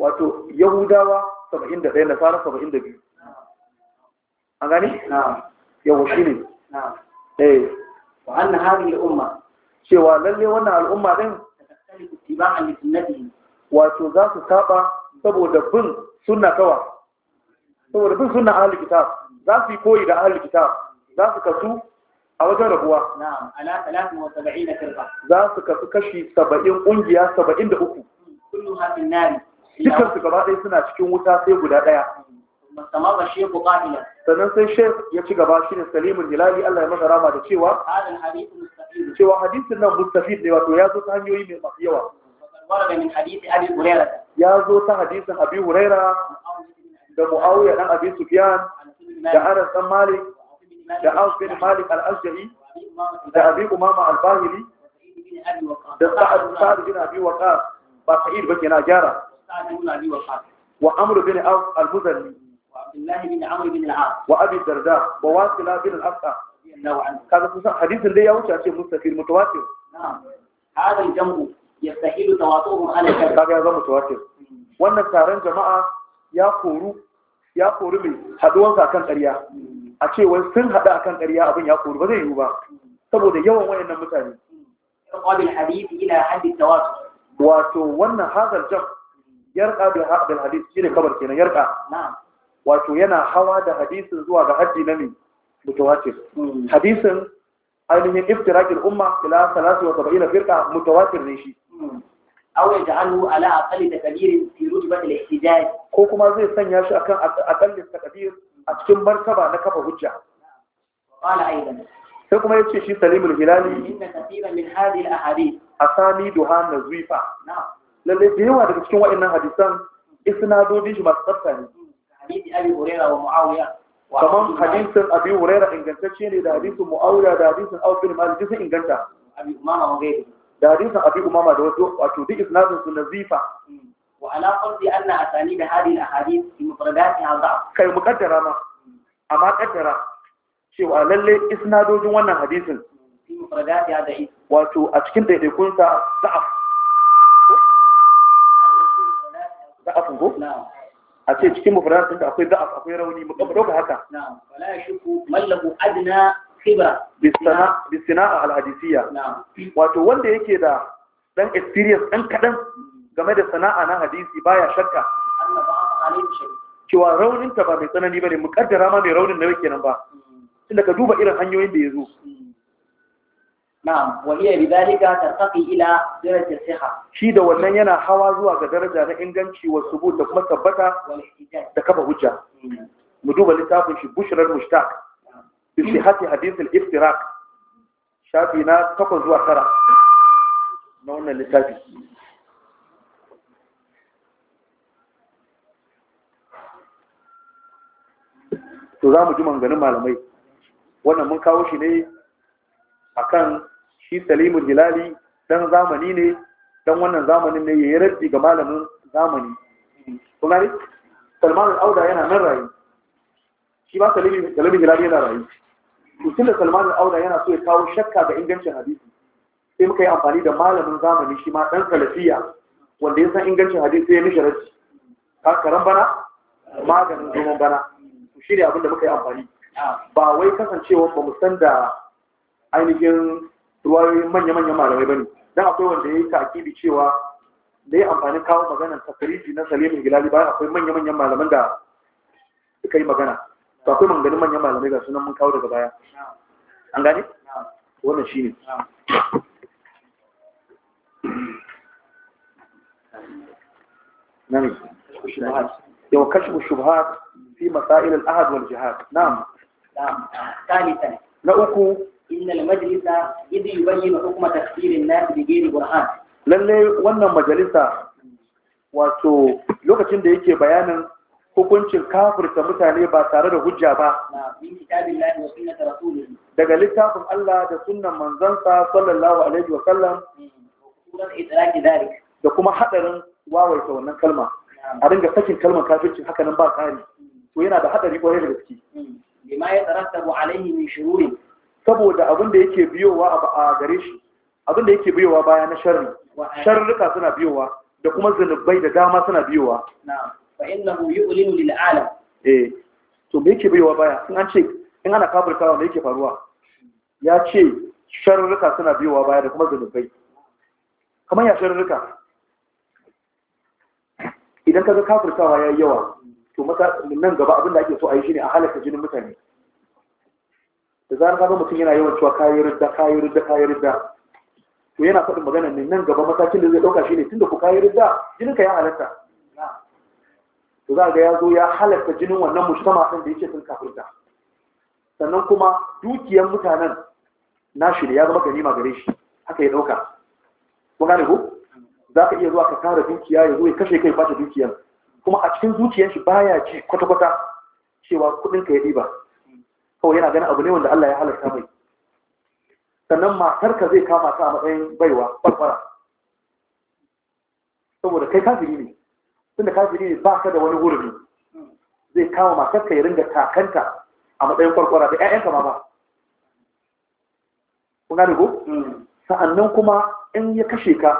wato yahudawa saba'in da ne eh. cewa lalle wannan al'umma ɗin wato za su saba saboda bin suna kawa saboda za su yi koyi da za su kasu a wajen rabuwa za su kasu kashi saba'in ƙungiya saba'in da uku dukan su gaba ɗaya suna cikin wuta sai guda ɗaya musamman shehu qatila sannan sai shekh ya ci gaba shi ne salimul hilali Allah ya masa rama da cewa cewa hadisin nan mustafid ne wato ya zo ta hanyoyi mai masu yawa ya zo ta hadisin abi huraira da muawiya dan abi sufyan da anas dan malik da auf bin malik al-asja'i da abi umama al-bahili da sa'ad sa'ad bin abi waqas ba sa'id ba kenan gyara آدمون علي وخاتم وعمر بن أف المذن الله بن عمر بن العاص وأبي الدرداء وواصلة بن الأفقى هذا خصوصا حديث اللي يوجد أشياء مستفير متواتر نعم هذا الجمع يستحيل تواطوه على كذا هذا هذا متواتر وأن سارين جماعة يقولوا يقولوا يا فورو من حدوان ساكن قرية أشياء وسن هذا أكن قرية أبن يا بذي يوبا سبو دي يوم وين نمتاني قال الحديث إلى حد التواتر واتو وأن هذا الجمع yarka bil haqbil hadith shine kabar kenan yarka wato yana hawa da hadisin zuwa ga haddi na mai mutawatir hmm. hadisin ainihin iftirakil umma ila 73 firqa mutawatir ne shi hmm. aw yaj'alu ala aqalli taqdirin fi rutbat al-ihtijaj ko kuma zai sanya shi akan aqalli taqdir a cikin martaba na kafa hujja qala aidan sai kuma yace shi salimul hilali inna kathiran min hadhihi al-ahadith asani duha nazwifa na'am lalle da yawa daga cikin wa'annan hadisan isnadodin shi masu tsafta ne hadisi abi hurairah wa muawiya kaman hadisin abi hurairah ingantacce ne da hadisin muawiya da hadisin auf bin malik sun inganta abi umama wa gairi da hadisin abi umama da wato wato duk isnadin su nazifa wa ala qawli anna asanid hadhihi al fi mufradatiha da'f kai muqaddara ma amma kaddara cewa lalle isnadodin wannan hadisin fi mufradatiha da'if wato a cikin daidaikun da'af da'afin ko a ce cikin mufradat din akwai da'af akwai rauni mu kafa doka haka na'am wala yashku mallahu adna khibra bisana bisana al-hadisiyya wato wanda yake da dan experience dan kadan game da sana'a na hadisi baya shakka cewa raunin ta ba mai tsanani bane mukaddara ma mai raunin da yake nan ba mm. tunda ka duba irin hanyoyin da ya zo. Mm. na'am wa hiya bidhalika tartaqi ila darajati sihha shi da wannan yana hawa zuwa ga daraja na inganci wa subut da kuma tabbata da kafa hujja mu duba littafin shi bushrar mushtaq bi sihhati hadith al-iftiraq shafi na 8 zuwa 9 na wannan littafi to za mu ji manganin malamai wannan mun kawo shi ne akan shi salimu jilali dan zamani ne dan wannan zamanin ne ya yi raddi ga malamin zamani kuma ne salman al'auda yana nan rayu shi ba salimu jilali yana rayu tun da salman al'auda yana so ya kawo shakka ga ingancin hadisi sai muka yi amfani da malamin zamani shi ma dan salafiya wanda ya san ingancin hadisi sai ya mishi Ka karan bana maganin zoman bana shi ne abin da muka yi amfani ba wai kasancewa ba mu san da ainihin ruwayoyin manya-manyan malamai bane dan akwai wanda ya yi ta'kidi cewa da ya amfani kawo maganar tafariji na salimin Gilali bayan akwai manya-manyan malaman da suka yi magana to akwai manganin manyan malamai ga sunan mun kawo daga baya an gane wannan shine kashi يو كشف الشبهات في ahad wal والجهاد Na نعم na uku إن المجلس إذ يبين حكم nasi الناس بغير burhan. lalle wannan majalisa wato lokacin da yake bayanin hukuncin kafirta mutane ba tare da hujja ba daga littafin Allah da sunnan manzansa sallallahu alaihi wa sallam da kuma hadarin wawaita wannan kalma a dinga sakin kalmar kafirci haka nan ba kare to yana da hadari kwarai da gaske bima ya tarattabu alaihi min shururin saboda abin da yake biyowa a gare shi abin da yake biyowa baya na sharri sharrika suna biyowa da kuma zunubai da dama suna biyowa na fa innahu yu'linu lil alam eh ya ce sharrika suna biyowa baya da kuma zunubai kamar ya sharrika idan kaga kafirtawa yi yawa to mata nan gaba abin da ake so a yi shine a halaka jinin mutane da zarar ga mutum yana yawan cewa kayi rudda kayi rudda kayi rudda to yana faɗin magana ne nan gaba matakin da zai ɗauka shi ne tunda ku kayi rudda jinin ka ya halatta to za ga ya zo ya halatta jinin wannan mujtama ɗin da yake sun kafirta sannan kuma dukiyar mutanen nashi ne ya zama ganima gare shi haka ya dauka kun gane ko za ka iya zuwa ka kara dukiya ya zo ya kashe kai ba ta dukiyar kuma a cikin zuciyar shi baya ji kwata-kwata cewa kuɗin ka ya ɗiba kawai yana ganin abu ne wanda Allah ya halarta mai sannan matarka zai kama ta a matsayin baiwa farfara saboda kai kafiri ne tunda kafiri ne ba ka da wani gurbi zai kama matarka ya ringa takanta a matsayin farfara da 'ya'yanka ma ba kun gane ko hmm. sa'annan kuma in ya kashe ka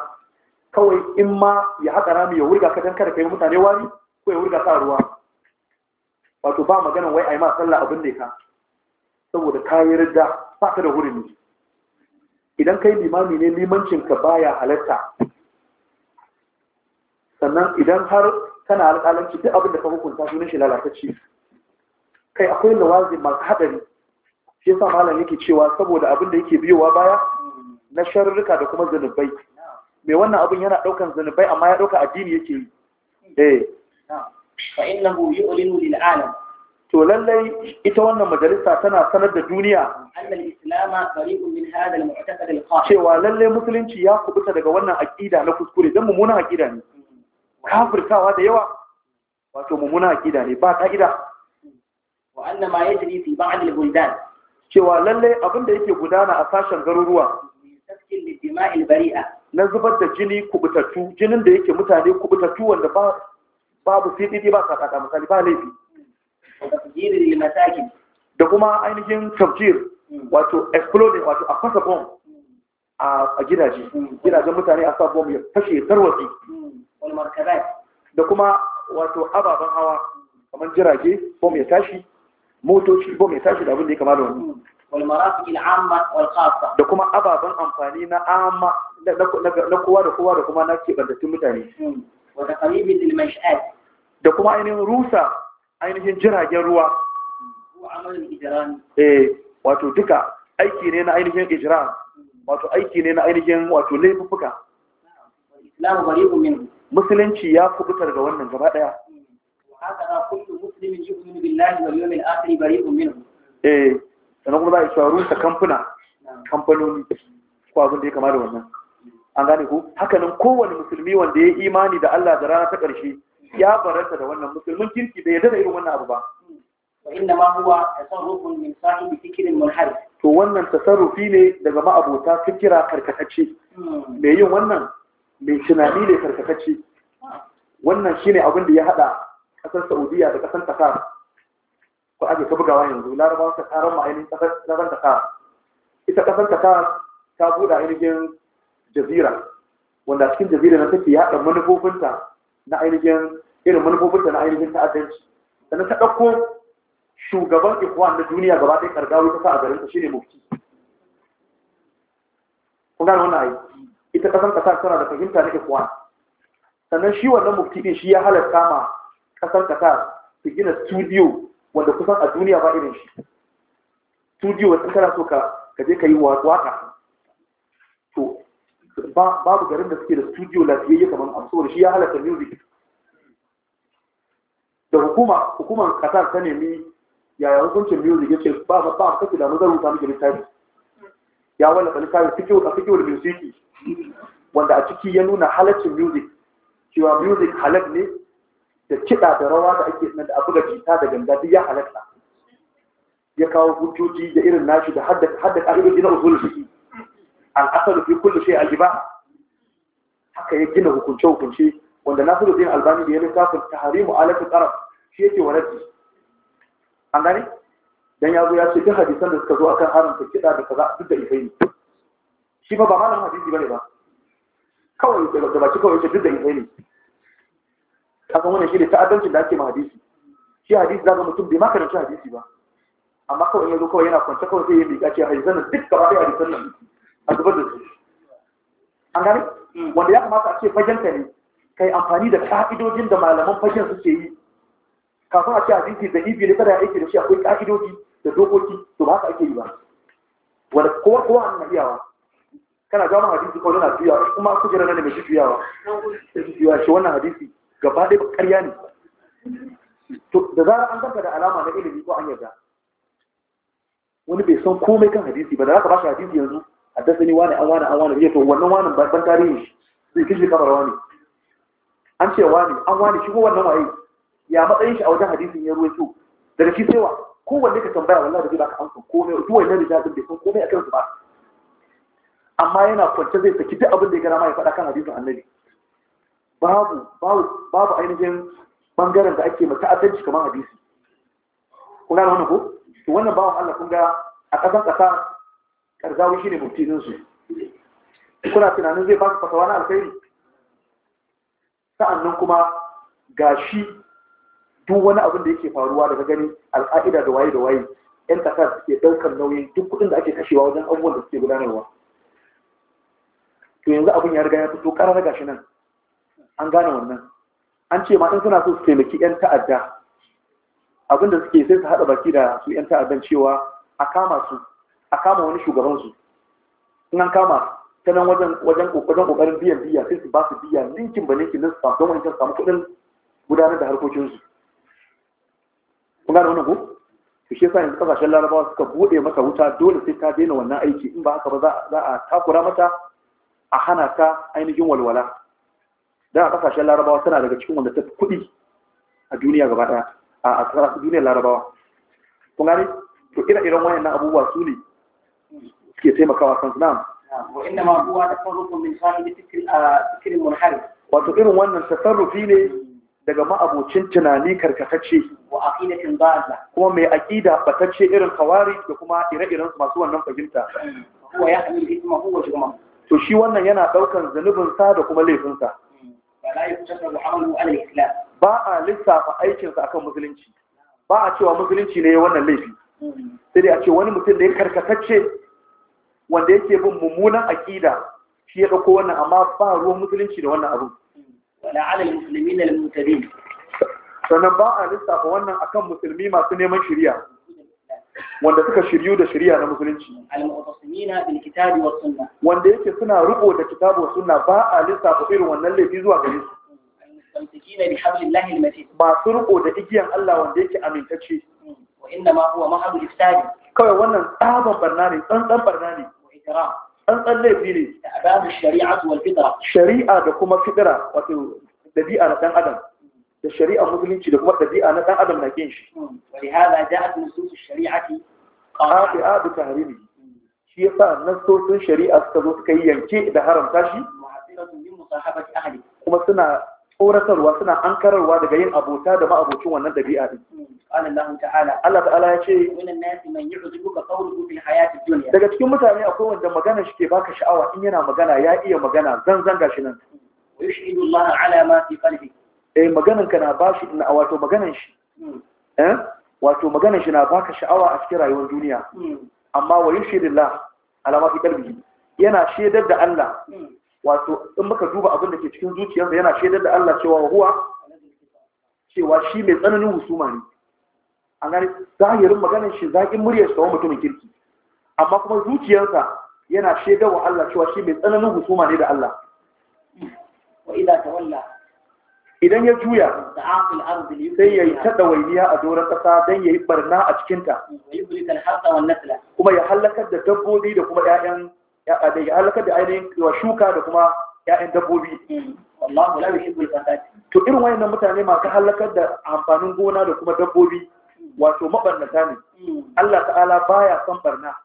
kawai in ma ya haɗa rami ya wurga ka don kada kai mutane wari ko ya wurga ka ruwa wato ba maganin wai a yi ma sallah abin da ya ka saboda kayi yarda, ba ka da hurumi idan kai limami ne limancinka baya halatta sannan idan har kana alƙalanci duk abin da ka hukunta sunan shi lalatacce kai akwai lawazin masu haɗari shi yasa malam yake cewa saboda abinda yake biyowa baya na sharurruka da kuma zanubai mai wannan abin yana ɗaukan zanubai amma ya ɗauka addini yake yi eh fa innahu yu'linu lil alam to lallai ita wannan majalisa tana sanar da duniya cewa lallai musulunci ya kubuta daga wannan aƙida na kuskure don mummunan aƙida ne kafirkawa da yawa wato mummunan aƙida ne ba ƙa'ida cewa lallai abinda yake gudana a sashen garuruwa na zubar da jini kubutattu jinin da yake mutane kubutattu wanda babu cdd ba sakaka misali ba laifi da kuma ainihin tafjir hmm. wato exploding wato a fasa bom a gidaje hmm. gidajen mutane a sa bom ya fashe tarwatsi hmm. da kuma wato ababen hawa kamar jirage bom ya tashi motoci bom ya tashi da abin da ya kama da wani da kuma ababen amfani na amma na kowa da kowa da kuma na keɓantattun mutane da kuma ainihin rusa ainihin jiragen ruwa eh wato duka aiki ne na ainihin ijira, wato aiki ne na ainihin wato laifuka musulunci ya kubutar daga wannan gaba daya eh sannan kuma za a cewa rusa kamfuna kamfanoni ko abin da ya kama da wannan an gane ku hakanan kowane musulmi wanda ya imani da Allah da rana ta ƙarshe ya baranta da wannan musulmin kirki bai yarda da irin wannan abu ba wa ma huwa tasarrufun min sahibi fikrin munharif to wannan tasarrufi ne daga ma'abota fikira karkatacce Me hmm. yin wannan mai tunani ne karkatacce wannan shine abin da ya hada kasar Saudiya da kasar Qatar ko ake ta bugawa yanzu larabawa ta karan ma'ainihin kasar Qatar ita kasar Qatar ta buɗe ainihin jazira wanda cikin jazira na take yaɗa manufofinta na ainihin irin manufofin na ainihin ta'addanci sannan ta ɗauko shugaban ikwan na duniya gaba ɗaya kargawi ta sa a garinta shine mufti kun gane wannan aiki ita ƙasan ƙasa tana da fahimta na ikwan sannan shi wannan mufti ɗin shi ya halatta ma ƙasan ƙasa su gina studio wanda kusan a duniya ba irin shi studio wata kana so ka ka je ka yi waka to babu garin da suke da studio lafiyayye kamar amsuwar shi ya halatta music da hukuma hukumar kasar ta nemi yaya hukuncin muzik ya ce ba ba ba kake da nazarin rubuta miki littafi ya wallafa littafi fikiyo a fikiyo da musiki wanda a ciki ya nuna halaccin music cewa music halal ne da kiɗa da rawa da ake nan da abu da jita da ganga duk ya halatta ya kawo hujjoji da irin nashi da hadda hadda ka'idoji na usul fiqi al asalu fi kulli shay al haka ya gina hukunce hukunce wanda Nasiruddin Albani da ya littafin tahrimu alatul qarab shi yake waraki an gani dan ya zo ya ce duk hadisan da suka zo akan haramta kiɗa da kaza duk da ifai shi ba ba malam hadisi bane ba kawai da baki kawai ce duk da ifai ne kasan wannan shi ne ta'addancin da ake ma hadisi shi hadisi zaka mutum bai makaranci hadisi ba amma kawai yanzu kawai yana kwance kawai sai ya bi ce hadisan zanen duk gaba ɗaya hadisan nan a zubar da su an gani hmm. wanda ya kamata a ce fagenta ne kai amfani da ka'idojin da malaman fagen suke yi kafin a ce hadisi da ibi ne kada ya aiki da shi akwai ka'idoji da dokoki to ba ka ake yi ba wanda kowa kowa an na iyawa kana jawo hadisi kawai yana juya kuma jira nan ne mai juyawa juyawa shi wannan hadisi gaba ɗaya ƙarya ne to da zarar an zaka da alama na ilimi ko an yarda wani bai san komai kan hadisi ba da zaka ba shi hadisi yanzu dasa ni wani an wani an wani ya to wannan wani ban tarihi shi zai kishi kamar wani an ce wani an wani shi ko wannan waye ya matsayin shi a wajen hadisin ya ruwaito daga shi sai wa kowanne ka tambaya wallahi da zai baka amsa komai duk wannan rijal din bai komai akan su ba amma yana kwance zai saki duk abin da ya gara ma ya faɗa kan hadisin annabi babu babu babu ainihin bangaren da ake mata adalci kamar hadisi Kuna da wannan ko to wannan bawan Allah kun ga a ƙasan ƙasa karzawi shine mubtinin su kuna tunanin zai ba su fasawa na alkhairi sa'annan kuma gashi duk wani abin da yake faruwa daga gani al'a'ida da waye da waye yan ƙasa suke ɗaukar nauyin duk kuɗin da ake kashewa wajen abubuwan da suke gudanarwa to yanzu abin ya riga ya fito ƙarar gashi nan an gane wannan an ce ma in suna so su taimaki yan ta'adda abin da suke sai su haɗa baki da su yan ta'addan cewa a kama su a kama wani shugabansu in an kama ta nan wajen wajen kokarin biyan biya sai su ba su biya linkin ba linkin nasu don wani kan samu kuɗin gudanar da harkokinsu kuma gane wannan ko to shi yasa yanzu kasashen larabawa suka buɗe mata wuta dole sai ta daina wannan aiki in ba haka ba za a takura mata a hana ta ainihin walwala da a kasashen larabawa tana daga cikin wanda ta kuɗi a duniya gaba ɗaya a duniyar larabawa kuma ne to ire-iren wayannan abubuwa su ne suke taimakawa kan na'am وإنما هو تفرق من خارج فكر فكر منحرف wato irin wannan tasarrufi ne daga ma'abocin tunani karkatacce wa aqidatin dalla kuma mai aqida batacce irin kawari da kuma ire-iren masu wannan fahimta huwa ya hamil isma huwa juma to shi wannan yana daukan zanubin sa da kuma laifin sa la yutasarru amalu ala al-islam ba a lissafa aikin sa akan musulunci ba a cewa musulunci ne wannan laifi sai dai a ce wani mutum da ya karkatacce wanda yake bin mummunan aƙida shi ya dauko wannan amma ba ruwan musulunci da wannan abu wala ala muslimin al mutadin sannan ba a lissafa wannan akan musulmi masu neman shari'a wanda suka shiryu da shari'a na musulunci al-mu'tasimina bil kitabi was sunnah wanda yake suna riko da kitabu was sunna ba a lissafa irin wannan laifi zuwa gare su al-mustamsikina bi hablillahi al-matin ba su riko da igiyan Allah wanda yake amintacce wa inna ma huwa mahadu ifsadi kawai wannan tsaban barna ne tsantsan barna ne ikram an tsalle fili da adamu shari'atu shari'a da kuma fitra wato dabi'a na dan adam da shari'a musulunci da kuma dabi'a na dan adam na kin shi wani hada yasa nasosin shari'a suka zo suka yi yanke da haramta shi kuma suna tsoratarwa suna an kararwa daga yin abota da ma'abocin wannan dabi'a din Allah ta'ala ya ce nasi daga cikin mutane akwai wanda magana shi ke baka sha'awa in yana magana ya iya magana zan zanga shi nan eh maganan ka na bashi ina wato maganan shi hmm. eh wato maganan shi na baka sha'awa a cikin rayuwar duniya hmm. amma wa yashhadu ala ma fi yana shaidar da Allah hmm. wato in muka duba abin da ke cikin zuciyarsa yana shaidar da Allah cewa huwa cewa shi mai tsananin husuma ne an gani zahirin maganar shi zaƙin muryar sa mutumin kirki amma kuma zuciyarsa yana shaidar wa Allah cewa shi mai tsananin husuma ne da Allah wa ila tawalla idan ya juya sai ya yi ta ɗawainiya a doron ƙasa don ya yi barna a cikinta kuma ya halakar da dabbobi da kuma 'ya'yan da ya halakar da ainihin wa shuka da kuma ya'yan dabbobi wallahu la yuhibbul fasadin to irin wayannan mutane masu halakar da amfanin gona da kuma dabbobi wato mabarnata ne Allah ta'ala baya son barna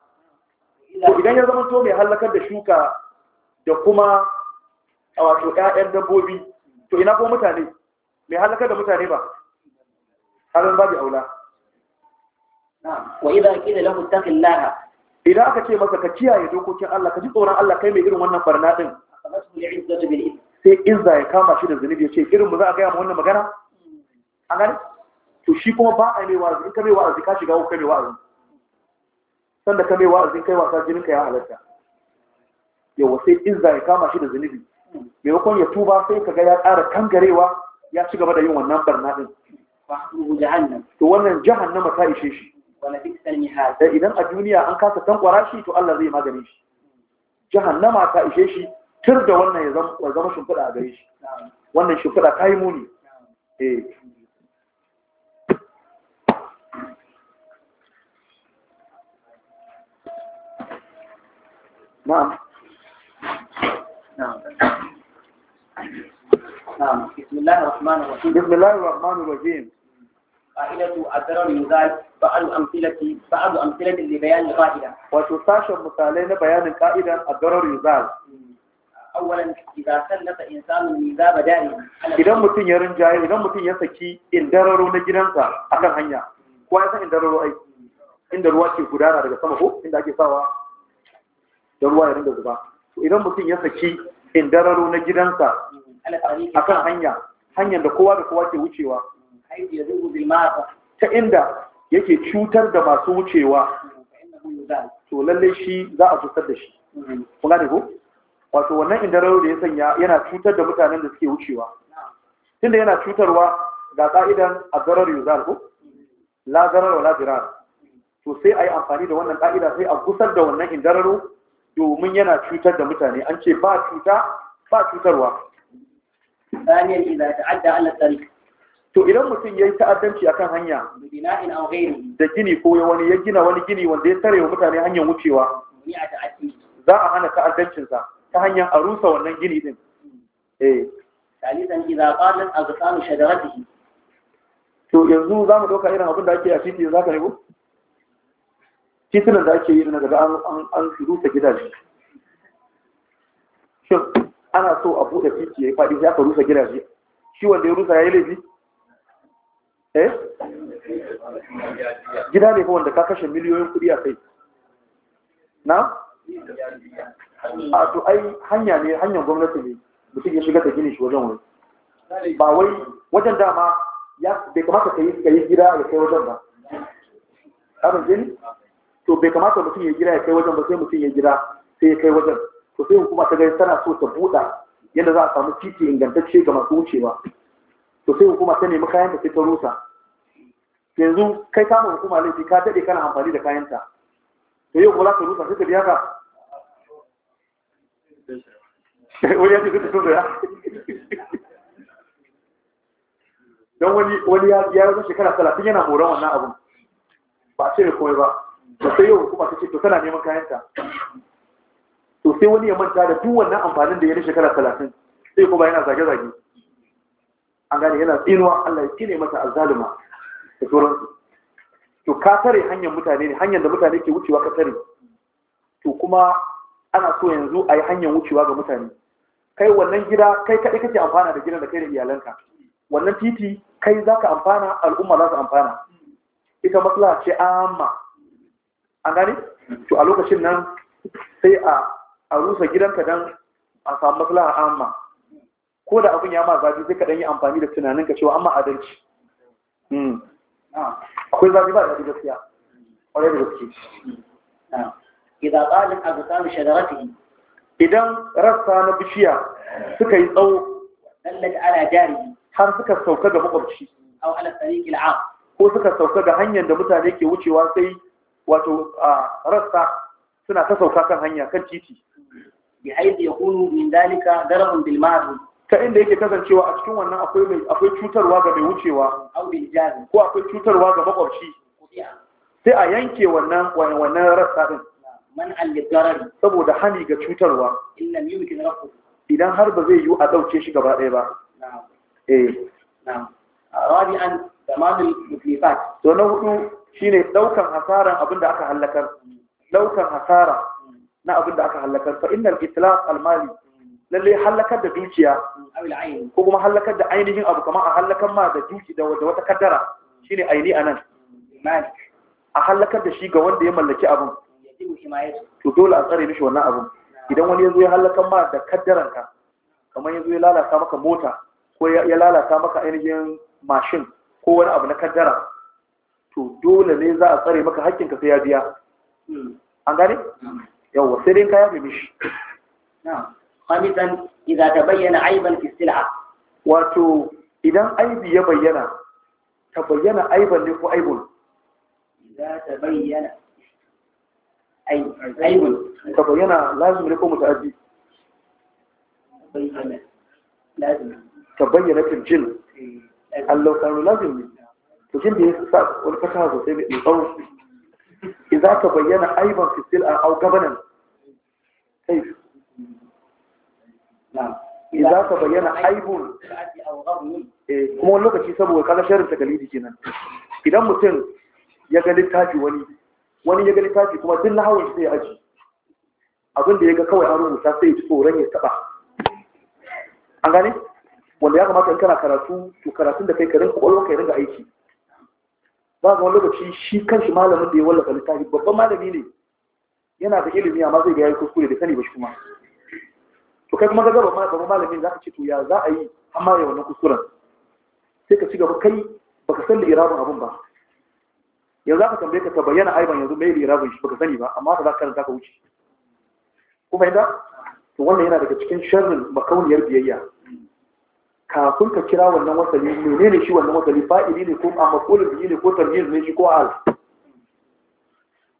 to idan ya zama to mai halakar da shuka da kuma wato ƴaƴan dabbobi to ina ko mutane mai halakar da mutane ba halin babu aula wa idza qila lahu taqillaha idan aka ce masa ka kiyaye dokokin Allah ka ji tsoron Allah kai mai irin wannan barna din sai izza ya kama shi da zunubi ya ce irin mu za a gaya mu wannan magana A gani to shi kuma ba a mai wa'azi in ka mai wa'azi ka shiga ko ka mai wa'azi sanda ka mai wa'azi kai wasa jinin ka ya halatta yawa sai izza ya kama shi da zunubi maimakon ya tuba sai ka ga ya ƙara kangarewa ya ci gaba da yin wannan barna din to wannan jahannama ta ishe shi wani duk salmi hada idan a duniya an kasa tankwara shi to Allah zai magani shi jahannama ta ishe shi tur da wannan ya zama shimfiɗa a gare shi wannan shimfiɗa ta yi muni eh نعم نعم نعم بسم الله الرحمن الرحيم بسم الله الرحمن الرحيم قائلة أثر يزال بعض أمثلة بعض أمثلة لبيان القاعدة وتساشى مثالين بيان القاعدة الضرر يزال أولا إذا سلط إنسان الميزة بدائي إذا متين يرنجا إذا متين يسكي إن ضرر نجرنسا أكن هنيا كويسا إن ضرر أي إن ضرر شيء غدارا daga sama ko inda ake sawa da ruwa ya rinda zuba idan mutum ya saki in dararo na gidansa akan hanya hanyar da kowa da kowa ke wucewa ta inda yake cutar da masu wucewa to lallai shi za a cutar da shi kun da ko wato wannan indarar da ya sanya yana cutar da mutanen da suke wucewa tunda yana cutarwa ga ka'idan azzarar yuzal ko la zarar wala dirar to sai a yi amfani da wannan ka'ida sai a gusar da wannan indarar domin yana cutar da mutane an ce ba cuta ba cutarwa to idan mutum ya yi ta'addanci a kan hanya da gini ko wani ya gina wani gini wanda ya tare wa mutane hanyar wucewa za a hana ta'addancinsa ta hanyar a rusa wannan gini din eh. to yanzu za mu ɗauka irin abin da ake a titi za ka nebo titunan da ake yi na daga an rusa gidaje shin ana so a buɗe titi ya yi faɗi ya ka rusa gidaje shi wanda ya rusa ya yi laifi Eh? gida ne wanda ka kashe miliyoyin kuɗi a kai na a to ai hanya ne hanyar gwamnati ne da ya shiga ta gini shi wajen wani ba wai wajen dama ya bai kamata ka yi ka yi gida ya kai wajen ba abin jini to bai kamata mutum ya gida ya kai wajen ba sai mutum ya gida sai ya kai wajen to sai hukuma ta gani tana so ta buɗa yadda za a samu titi ingantacce ga masu wucewa to sai hukuma ta nemi kayan ta sai ta rusa yanzu kai ka ma hukuma laifi ka daɗe kana amfani da kayanta to yau kuma za ka rusa sai ka biya ka wani ya ce duk da ya don wani wani ya rasu shekara talatin yana horon wannan abun ba a cire komai ba to sai yau hukuma ta ce to tana neman kayanta to sai wani ya manta da duk wannan amfanin da ya na shekara talatin sai kuma yana zage-zage an gane yana tsinuwa Allah ya kine mata azzaluma da sauransu to ka tare hanyar mutane ne hanyar da mutane ke wucewa ka tare to kuma ana so yanzu a yi hanyar wucewa ga mutane kai wannan gida kai kaɗai kake amfana da gidan da kai da iyalanka wannan titi kai za ka amfana al'umma za su amfana ita maslaha ce amma an gane to a lokacin nan sai a rusa gidanka dan a samu maslaha amma ko da abin ya ma zafi sai ka ɗan yi amfani da tunaninka cewa amma adalci hmm. akwai zafi ba zafi gaskiya kwarai da gaske idan tsalin a zasamu shagaratihi idan rassa na bishiya suka yi tsawo dallat ala jari har suka sauka ga makwabci aw ala tariqil am ko suka sauka ga hanyar da mutane ke wucewa sai wato rassa suna ta sauka kan hanya kan titi bi haythu yakunu min dalika darabun bil ma'ruf ta inda yake kasancewa a cikin wannan akwai mai akwai cutarwa ga mai wucewa ko akwai cutarwa ga makwabci sai a yanke wannan wannan rassa din man al saboda hani ga cutarwa illam yumkin rafu idan har ba zai yi a dauke shi gaba ɗaya ba eh na'am rabi'an tamamul mutlifat to na hudu shine daukan hasaran abinda aka halakar daukan hasara hmm. na abinda aka halakar fa innal itlaq al mali lalle halakar da dukiya ko kuma halakar da ainihin abu kamar a halakar ma da duki da wata kaddara shine aini anan a halakar da shi ga wanda ya mallaki abun to dole a tsare mishi wannan abun idan wani yanzu ya halakar ma da kaddaranka kamar yanzu ya lalata maka mota ko ya lalata maka ainihin mashin ko wani abu na kaddara to dole ne za a tsare maka ka sai ya biya hmm. an gane hmm. yawwa sai dai ka yafe mishi na'am خامسا إذا تبين عيبا في السلعة واتو إذا عيب يبين تبين عيبا لكو عيب إذا تبين عيب تبين لازم لكو متعدي تبين لازم تبين لك الجن قال لو كانوا لازم الجن بيستاذ والفتاذ وتبين يطوش إذا تبين عيبا في السلعة أو قبلا كيف Eh, idan ka bayyana aibun eh, kuma wani lokaci saboda kaga sharin takalidi kenan idan mutum ya ga littafi wani wani ya ga littafi kuma duk na hawan sai aji abin da ya ga kawai aro musa sai ji tsoron ya taba an gane wanda ya kamata in kana karatu to karatun da kai ka rinka kwallon ka rinka aiki ba ga wani lokaci shi kanshi malamin da ya wallafa littafi babban malami ne yana da ilimi amma zai ga yayi kuskure da sani ba shi kuma to kai kuma ka gaba mana babban malami za ka ce to ya za a yi amma ya wannan kuskuren sai ka ci gaba kai baka san da irabin abun ba yanzu aka tambaye ka ta bayyana aiban yanzu mai da irabin shi baka sani ba amma ka za ka karanta ka wuce kuma yanda to wannan yana daga cikin sharrin makauniyar biyayya kafin ka kira wannan wasali menene shi wannan wasali fa'ili ne ko a makolin biyi ne ko tarbiyyar ne shi ko al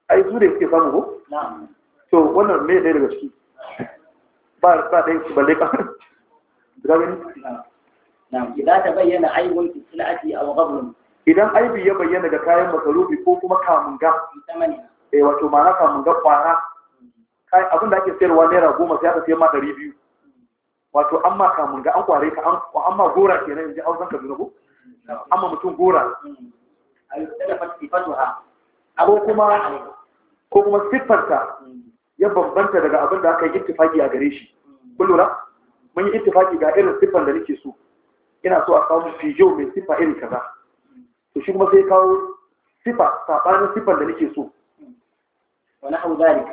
ai su da suke samu ko to wannan me ɗaya daga ciki ba ba dai balle ka ga gani na'am idan ta bayyana aibun tilati aw ghabun idan aibi ya bayyana ga kayan masarufi ko kuma kamunga eh wato ma'ana kamunga kwara kai abin da ake sayarwa naira goma sai aka sayar ma ɗari biyu wato an ma kamunga an kware ka an ma gora kenan yanzu hausan kaduna ko an ma mutum gora ko kuma ko kuma siffarta hmm. ya bambanta daga abin da aka yi ittifaki a gare shi kun lura mun yi ittifaki ga irin siffan da nake so ina so a samu fijo mai siffa irin kaza to shi kuma sai kawo siffa sabanin siffan da nake so wani hau zari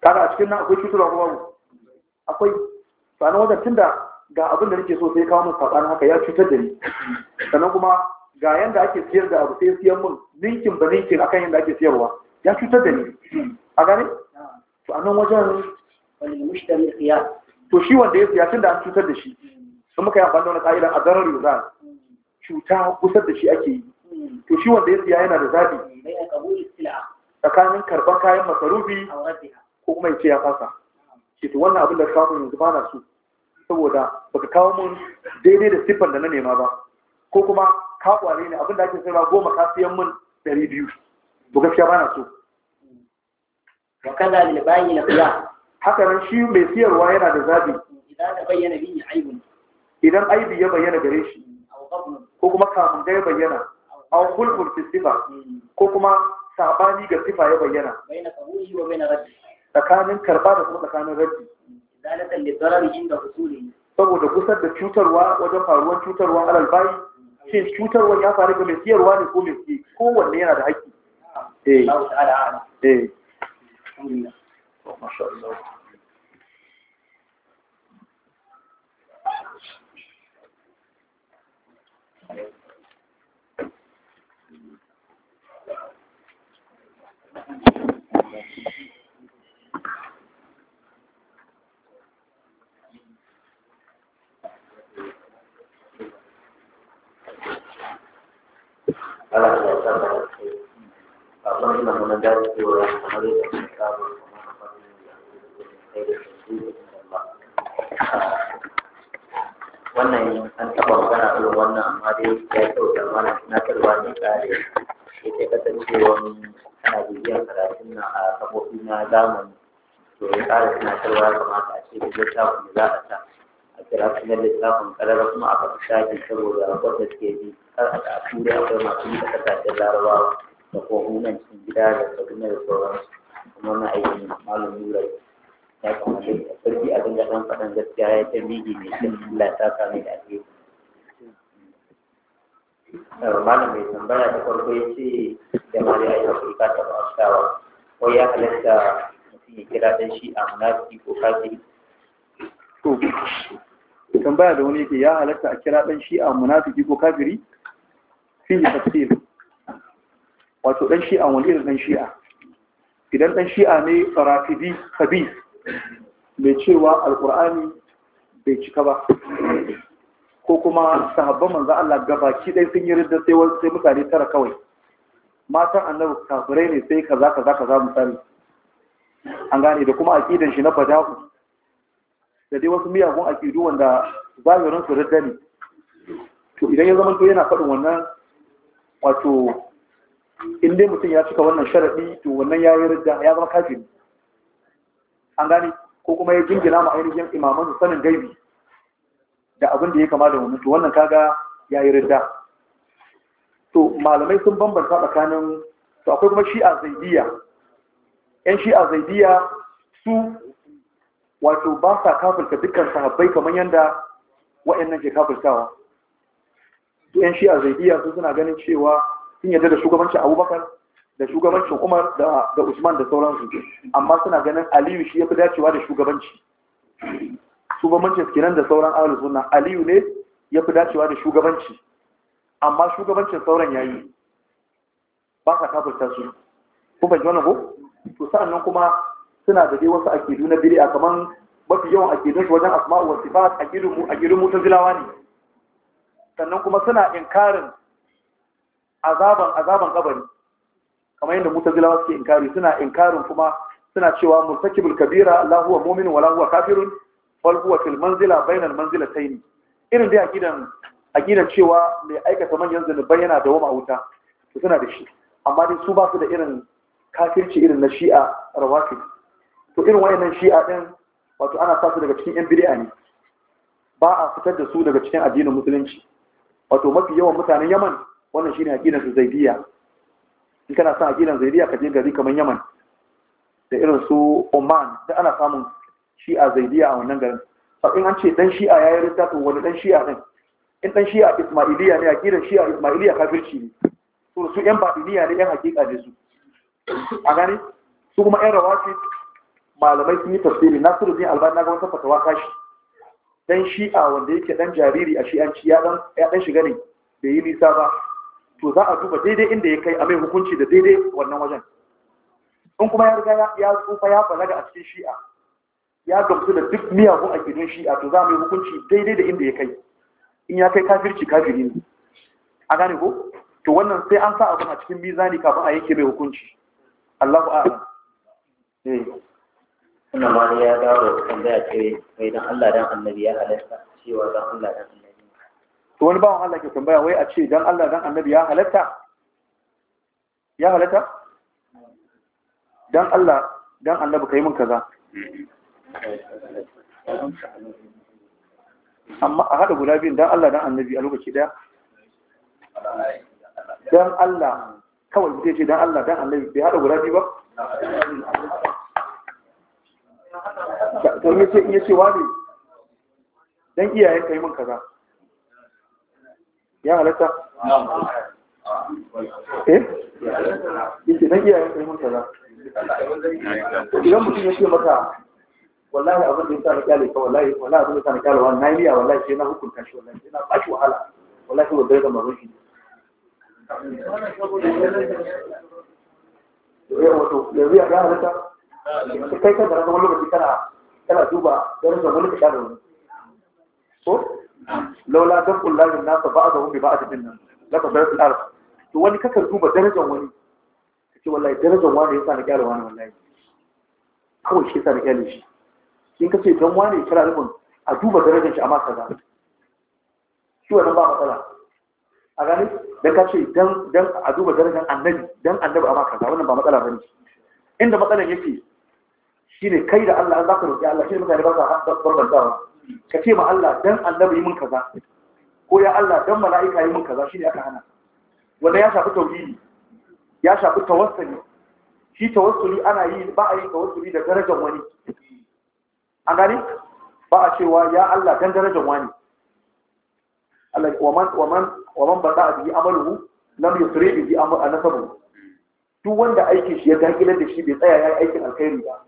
kaga a cikin nan akwai cutarwa kuma mu akwai sanan wajen tunda ga abin da nake so sai kawo min sabanin haka ya cutar da ni sannan kuma ga yanda ake siyar da abu sai siyan mun ninkin ba ninkin akan yanda ake siyarwa ya cutar da ni a gane to a nan wajen wani mushtamil siya to shi wanda ya siya tun da an cutar da shi sun muka yi amfani da wani ka'idan a zarar yuza cuta kusa da shi ake yi to shi wanda ya siya yana da zaɓi tsakanin karɓar kayan masarufi ko kuma ya ce ya fasa Ke to wannan abin da kawo mun yanzu ba na so saboda baka kawo mun daidai da siffar da na nema ba ko kuma ka ne abin da ake ba goma ka siyan mun ɗari biyu to gaskiya ba na so wa kaza lil bayin khiya haka nan shi mai siyarwa yana da zabi idan bayyana idan aibi ya bayyana gare shi ko kuma kafin da ya bayyana aw khulqul fi sifa hmm. ko kuma sabani ga sifa ya bayyana bayna wa bayna raddi tsakanin karba da kuma tsakanin raddi zalatan lil darari inda husuli saboda kusar da cutarwa wajen faruwar cutarwa alal bayi shin cutarwa ya faru ga mai siyarwa ne ko mai ko wanne yana da haƙƙi eh eh الحمد لله ما شاء الله Gracias. wannan an taɓa magana irin wannan amma dai ya kyauta mana tunatarwa ne kare sai ta kasancewa ana bibiyar karatun na a kafofi na zamani to ya kara tunatarwa ya kamata a ce da littafin da za a ta a kira sunan littafin karara kuma a faɗi shafi saboda wanda suke bi kar a turai akwai masu yi da kasashen larabawa da kuma cikin gida da kaduna da sauransu wannan aikin malam nura ya kamata ya sarki abin da ɗan faɗan gaskiya ya ce bigi mai kyan Allah ta sami da ake malam mai tambaya da farko ya ce da mariya ya fi ka taɓa shawa ko ya halatta mutum ya kira ɗan shi a munafi ko kafiri tambaya da wani yake ya halatta a kira ɗan shi a munafiki ko kafiri fi tafsir wato ɗan shi'a wani irin ɗan shi'a idan ɗan shi'a ne rafidi kabi mai cewa alƙur'ani bai cika ba ko kuma sahabban manzo Allah gabaki ɗaya sun yi ridda sai sai mutane tara kawai matan annabi kafirai ne sai kaza kaza kaza mutane an gane da kuma aqidan shi na bada'u da dai wasu miyagun aqidu wanda zahirin su ridda ne to idan ya zama to yana faɗin wannan wato in dai mutum ya cika wannan sharaɗi to wannan ya yi rida ya zama kafin an gane ko kuma ya jingina ma ainihin imaman sanin gaibi da abin da ya kama da wani to wannan kaga ya yi rida to malamai sun bambanta tsakanin to akwai kuma shi'a zaidiya yan shi'a zaidiya su wato ba sa kafirta dukkan sahabbai kamar yadda wa'annan ke kafirtawa yan shi'a zaidiya su suna ganin cewa sun yarda da shugabancin abubakar da shugabancin umar da usman da sauransu amma suna ganin aliyu shi ya fi dacewa da shugabanci shugabancin kinan da sauran ahalus sunna aliyu ne ya fi dacewa da shugabanci amma shugabancin sauran yayi ba ka kafirta su kun fahimci wannan ko to nan kuma suna da dai wasu akidu na bid'a kaman mafi yawan akidun su wajen asma'u wa sifat akidun mu akidun zilawa ne sannan kuma suna inkarin azaban azaban kabari kamar yadda mutazilawa suke inkari suna inkarin kuma suna cewa murtakibul kabira la huwa mu'min wa la huwa kafirun wal huwa fil manzila bainal manzilatayn irin dai akidan akidan cewa mai aikata manyan zunubai yana da wama wuta to suna da shi amma dai su ba su da irin kafirci irin na shi'a rawafid to irin wayannan shi'a din wato ana sa su daga cikin yan bid'a ne ba a fitar da su daga cikin addinin musulunci wato mafi yawan mutanen Yaman wannan shine aqidar su zaidiya in kana sa aqidar zaidiya ka je gari kamar Yaman da irin su Oman da ana samun shi'a zaidiya a wannan garin in an ce dan shi'a yayi rinta to wani dan shi'a din in dan shi'a Ismailiya ne aqidar shi'a Ismailiya kafirci ne to su yan babiliya ne yan hakika ne su a gani su kuma yan rawafi malamai sun yi tafsiri zai Albani na ga wata fatawa kashi dan shi'a wanda yake dan jariri a shi'anci ya dan shiga ne bai yi nisa ba to za a duba daidai inda ya kai a mai hukunci da daidai wannan wajen in kuma ya riga ya tsufa ya balaga a cikin shi'a ya gamsu da duk miyagun a gidan shi'a to za a mai hukunci daidai da inda ya kai in ya kai kafirci kafiri ne a gane ko to wannan sai an sa abin a cikin mizani kafin a yanke mai hukunci Allahu a'lam eh wannan ma ya dawo da tambaya ce mai dan Allah dan annabi ya halasta cewa dan Allah dan to wani bawan Allah ke tambaya wai a ce dan Allah dan annabi ya halatta ya halatta dan Allah dan annabi kai mun kaza amma a hada guda biyun dan Allah dan annabi a lokaci daya dan Allah kawai zai ce dan Allah dan annabi bai hada guda biyu ba to yace yace ne dan iyayen kai mun kaza ya halatta eh yake na iyayen kai mun kaza idan mutum ya ce maka wallahi abin da ya sa na kyale ka wallahi wallahi abin da ya sa na kyale wa na yi wallahi sai na hukunta shi wallahi sai na ba shi wahala wallahi sai wadda ya zama rushi yanzu ya ga halitta kai kan da wani lokaci kana kana duba garin da wani ka kyale wani ko laula dan kullahi nasa ba a zaun bi ba a cikin nan la ka bayar al'arf to wani kakan duba darajar wani kace wallahi darajar wani yasa na gyara wani wallahi kawai shi yasa na kyale shi ka ce don wani kira rubun a duba darajar shi a amma kaza shi wannan ba matsala a gani don ka ce dan a duba darajar annabi dan annabi amma kaza wannan ba matsala ba ne. inda matsalan yake ne kai da Allah an ka roƙi Allah shi ne mutane ba sa bambantawa ka ce ma Allah dan annabi mun kaza ko ya Allah dan mala'ika yi mun kaza shine aka hana wanda ya shafi tauhidi ya shafi tawassuli shi tawassuli ana yi ba a yi tawassuli da darajar wani an gani ba a cewa ya Allah dan darajar wani Allah wa man wa man wa man bada bi amaluhu lam yusri bi amal nasabu duk wanda aikin shi ya dakilar da shi bai tsaya yi aikin alkhairi ba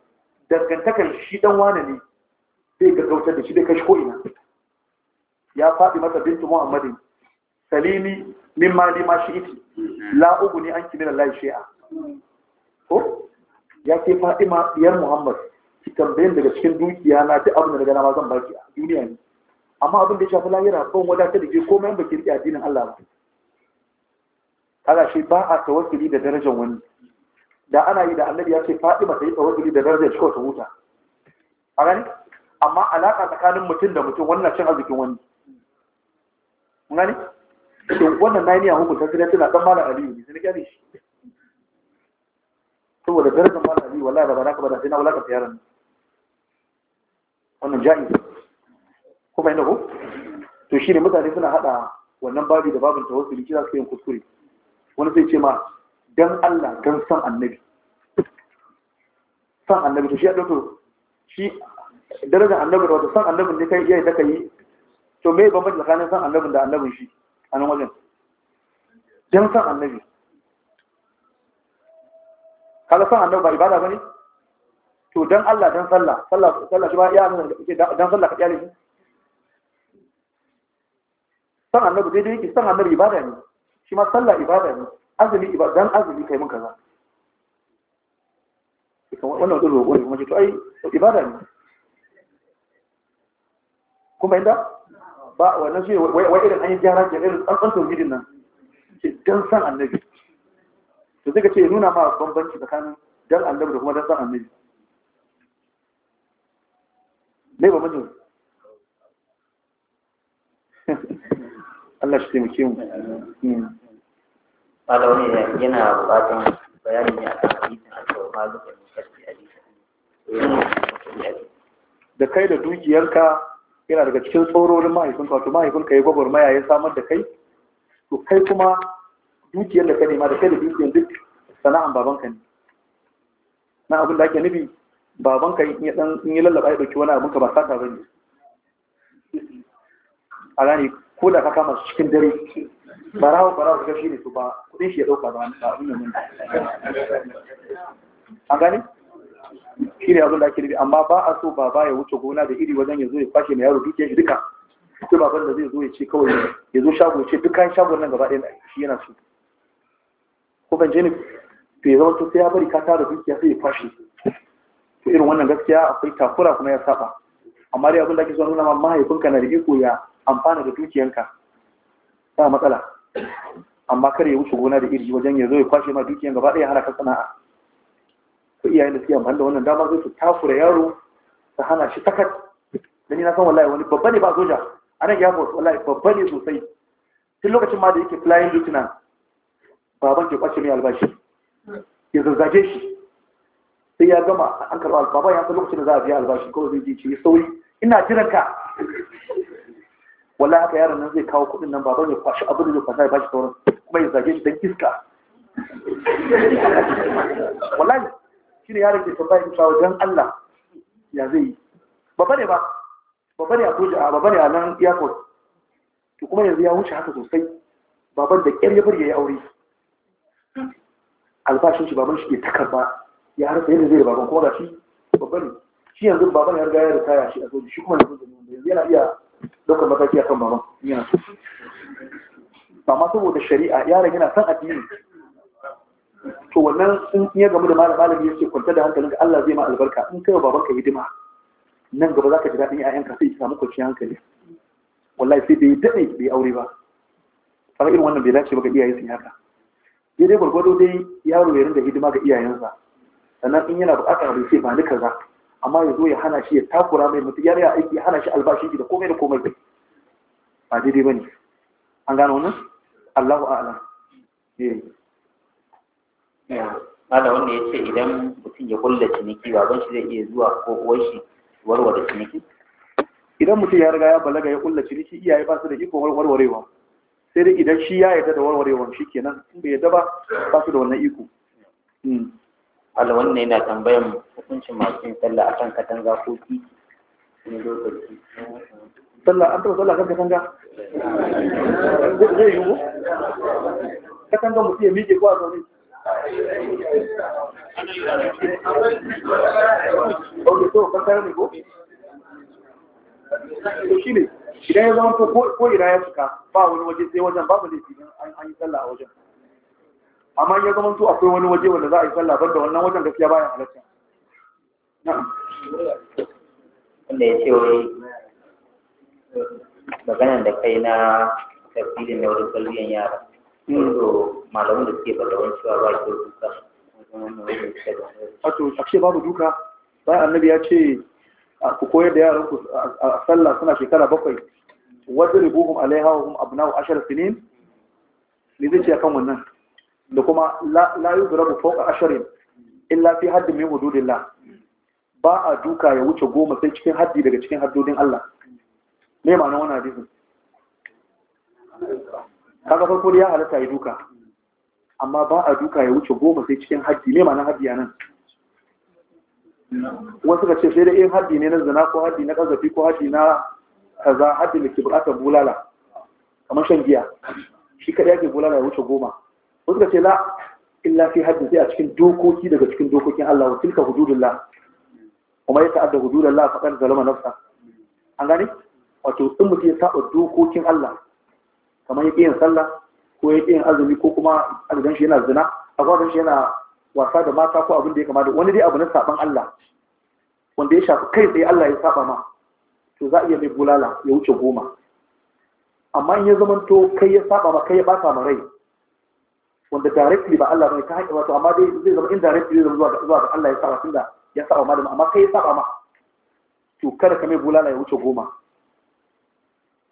dangantakar shi dan wane ne sai ka kautar da shi da kashi ko'ina ya faɗi masa bintu muhammadin salimi min mali ma shi iti la ne an kimi da lai shi'a ko ya ke faɗi ma diyar muhammad ki tambayin daga cikin dukiya na duk abin da daga nama zan baki a duniya ne amma abin da ya shafi lahira ban wadatar da ke komai ba ki riƙe addinin allah ba kaga shi ba a tawakkali da darajar wani da ana yi da annabi ya ce faɗi ta yi tawakkali da darajar shi ko ta huta a gani amma alaƙa tsakanin mutum da mutum wannan cin arzikin wani gani shin wannan na niyan hukunta sai tana dan malam aliyu ne sai gane shi saboda darajar malam aliyu wallahi da baraka ba da sai na wulaka ta yaran wannan ja'i ko bai nago to ne mutane suna hada wannan babi da babin tawassuli kira su yin kuskure wani zai ce ma dan Allah dan san annabi san annabi to shi ya dauko shi darajar annabin wata san annabin da kai iya da yi to me bambanci tsakanin san annabin da annabin shi a nan wajen don san annabi kada san annabi ba ibada bane to dan Allah dan sallah sallah sallah shi ba iya mun dan sallah ka iyali shi san annabi daidai yake san annabi ibada ne shi ma sallah ibada ne azumi ibada dan azumi kai mun kaza wannan dole ko kuma ce to ai ibada ne kuma inda ba wannan shi wai irin an yi gyara ke irin tsantsan tauhidin nan ce dan san annabi to sai ka ce nuna ma bambanci tsakanin dan annabi da kuma dan san annabi ne ba mutum Allah shi taimake mu hmm. malawani yana buƙatar bayani ne akan hadisin al-Bukhari da Muslim eh, da kai da dukiyarka yana daga cikin tsororin mahaifinka wato mahaifinka ya gwagwarmaya ya samar da kai to kai kuma dukiyar da ka nema da kai da dukiyar duk sana'an babanka ne na abin da ake nufi babanka in yi lallaba ya ɗauki wani ka ba sata ba ne a gane ko da ka kama su cikin dare barawa barawa ka shi ne su ba kudin shi ya ɗauka ba abin da mun a gane shi ne abin da ake nufi amma ba a so baba ya wuce gona da iri wajen ya zo ya kwashe mai yaro dukiyar shi duka ko baban da zai zo ya ce kawai ya zo shago ce dukkan shago nan gaba ɗaya shi yana so ko ban je ni to ya zama to sai ya bari ka tara dukiya sai ya kwashe to irin wannan gaskiya akwai takura kuma ya saba amma dai abin da ake so nuna ma mahaifinka na da iko ya amfana da dukiyanka ba matsala amma kar ya wuce gona da iri wajen ya zo ya kwashe ma dukiyan gaba ɗaya hana ka sana'a to iyayen da suke amfani da wannan dama zai su tafura yaro ta hana shi Da ni na san wallahi wani babba ne ba soja nan ya fos wallahi babba ne sosai tun lokacin ma da yake flying lieutenant baban ke kwace mai albashi ya zazzage shi sai ya gama an karɓa baban ya san lokacin da za a biya albashi kawai zai je ci sauri ina jiran ka wallahi haka yaron nan zai kawo kuɗin nan baban ya kwashi abin da zai kwashi ya bashi sauran kuma ya zage shi don iska [LAUGHS] wallahi shi ne yaron ke tambaya in shawo don Allah ya zai yi babba ne ba babba ne a koja babba ne a nan airport to kuma yanzu ya wuce haka sosai baban da ƙyar ya bari ya yi aure albashin shi baban shi ke takarba ya harfa yadda zai da baban kuma ga shi babba ne shi yanzu baban ya riga ya ritaya shi a soji shi kuma da soji ne yanzu yana iya ɗaukar mataki a kan baban yana so amma saboda shari'a yaron yana son addini to wannan sun iya game da malam malami yake kwanta da hankalinka Allah zai ma albarka in kai babanka hidima nan gaba zaka ji daɗin ƴaƴanka sai ki samu kwanciyar hankali wallahi sai bai daɗe bai aure ba kaga irin wannan bai dace ba ga iyaye sun haka dai gwargwado dai yaro ya rinda hidima ga iyayensa sannan in yana buƙatar abu sai ba ni kaza amma ya zo ya hana shi ya takura mai mutu yar ya aiki ya hana shi albashi da komai da komai bai ba daidai bane an gano wannan Allahu a'lam eh Mala wanda ya ce idan mutum ya kulla ciniki baban shi zai iya zuwa ko uwar shi warware ciniki? Idan mutum ya riga ya balaga ya kulla ciniki iyaye ba su da iko warwarewa. Sai dai idan shi ya yarda da warwarewan shi kenan in bai yarda ba ba su da wannan iko. Hmm. Allah wannan yana tambayan hukuncin masu yin sallah akan katanga ko titi. Sallah an taɓa sallah kan katanga? Zai yiwu? Katanga mutum ya miƙe ko a zaune? ok shi ne idan ya zama ko ina ya cika ba wani waje sai wajen babu laifi an yi sallah a wajen amma ya zama to akwai wani waje wanda za a yi sallah ban da wannan wajen gaskiya bayan halatta wanda ya ce wai maganan da kai na tafsirin da wurin kwalliyar yara wato malaman da suke ballawan cewa ba ke duka wato a ce babu duka bayan annabi ya ce ku koyar da yaran ku a sallah suna shekara bakwai wadda ribuhum alaiha wa hum abna'u ashar sinin me zai ce akan wannan da kuma la rabu fawqa asharin illa fi haddin min hududillah ba a duka ya wuce goma sai cikin haddi daga cikin haddodin Allah me ma'anar wannan hadisin kaga farko ya halatta ya duka amma ba a duka ya wuce goma sai cikin haddi ne ma'ana haddi a nan wasu ka ce sai da in haddi ne na zina ko haddi na kazafi ko haddi na kaza haddi da ke bukatar bulala kamar shan giya shi kaɗai ake bulala ya wuce goma wasu ka ce la illa fi haddi sai a cikin dokoki daga cikin dokokin Allah wa tilka hududullah kuma ya ta'adda hududullah faqad zalama nafsa an gane wato in mutum ya saba dokokin Allah kamar ya yin sallah ko ya yin azumi ko kuma a shi yana zina a gan shi yana wasa da mata ko abin da ya kamata wani dai abu na saban Allah wanda ya shafi kai tsaye Allah ya saba ma to za a iya mai bulala ya wuce goma amma in ya zamanto kai ya saba ma kai ya bata ma rai wanda directly ba Allah bane ta haƙi wato amma dai zai zama indirectly zai zuwa zuwa ga Allah ya saba tunda ya saba ma da amma kai ya saba ma to kada ka mai bulala ya wuce goma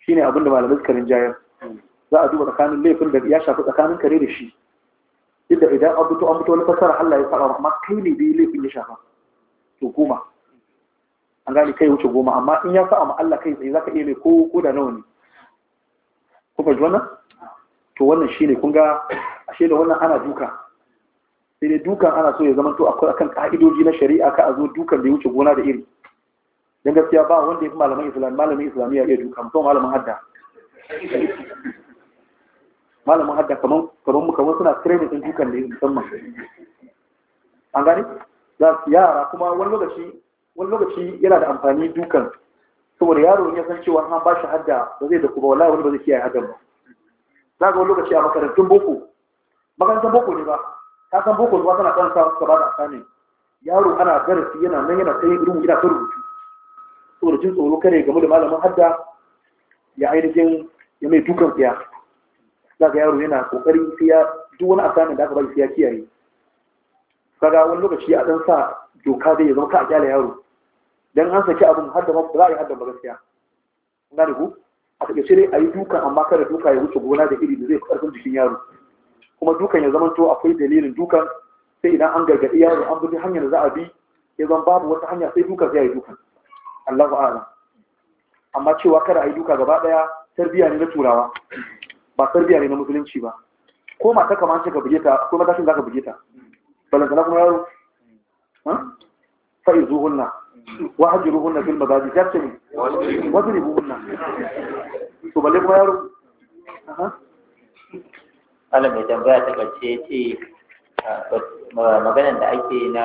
shine abin da malamai suka rinjayar za a duba tsakanin laifin da ya shafi tsakanin kare da shi duk idan an fito an fito wani fassara Allah ya saba amma kai ne dai laifin ya shafa to goma an gane kai wuce goma amma in ya sa'a ma Allah kai tsaye zaka iya mai ko ko da nawa ne ku fahimci wannan to wannan shine kun ga ashe da wannan ana duka sai dai dukan ana so ya zama to akwai akan ka'idoji na shari'a ka a zo dukan da ya wuce gona da iri dan gaskiya ba wanda ya fi islam malamin islamiyya iya duka musamman malamin hadda malamin hadda kaman mu kaman suna training din dukan da musamman an gani? za su yara kuma wani lokaci wani lokaci yana da amfani dukan saboda yaro ya san cewa an ba shi hadda ba zai da kuma wallahi wani ba zai kiyaye haddan ba za ga wani lokaci a makarantun boko makarantar boko ne ba Ta san boko zuwa tana kan sa suka ba da asani yaro ana darasi yana nan yana kai irin yana ta rubutu saboda jin tsoro kare game da malamin hadda ya ainihin ya mai dukan tsiya za ka yaro yana ƙoƙari siya duk wani asamin da aka bari siya kiyaye kaga wani lokaci a ɗan sa doka zai zama ka a kyale yaro don an saki abin har da ba za a yi har da ba gaskiya gane ku a take dai a yi dukan amma kada duka ya wuce gona da iri da zai ƙarfin jikin yaro kuma dukan ya zama to akwai dalilin dukan sai idan an gargaɗi yaro an bi hanyar da za a bi ya zan babu wata hanya sai dukan sai a yi dukan Allahu a'ala amma cewa kada a yi duka gaba ɗaya tarbiya ne na turawa ba sarbiya ne na musulunci ba ko mata kamar ce ka buge ta akwai matashin za ka buge ta balantana kuma yaro fa'i zuhunna wa hajjiru hunna fil mazaji ya ce ne wazuri buhunna to balle kuma yaro Allah mai tambaya ta ƙarshe ce ah, maganar da ake na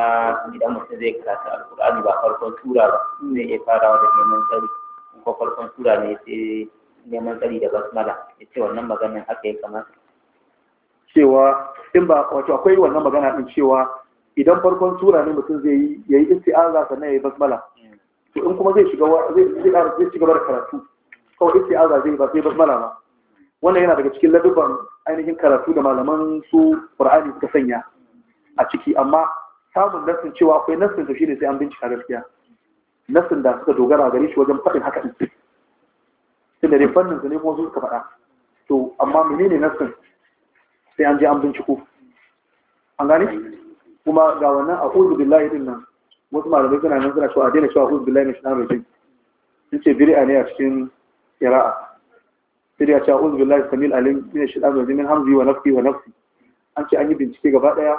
idan mutum zai karanta alkur'ani ba farkon tura ba zai iya farawa da neman tsari ko farkon tura ne sai neman tsari da basmala ya ce wannan maganin aka yi kamar cewa in ba wato akwai wannan magana din cewa idan farkon sura ne mutum zai yi yayi isti'aza sannan yayi basmala hmm. to in kuma zai shiga zai zai shiga bar karatu kawai isti'aza zai ba sai basmala ba wannan yana daga cikin ladubban ainihin karatu da malaman su Qur'ani suka sanya a ciki amma samun nassin cewa akwai nassin to shine sai an bincika gaskiya nassin da suka dogara gare shi wajen faɗin haka din tunda dai fannin su ne kuma su suka faɗa to amma menene nassin sai an je an binciko an gane kuma ga wannan a ƙudu billahi din nan wasu malamai suna nan suna cewa a daina cewa ƙudu billahi na shinar rajin sun ce biri'a ne a cikin kira'a sai dai a cewa ƙudu billahi samil alim min shinar rajin min hamzi wa nafsi wa nafsi an ce an yi bincike gaba daya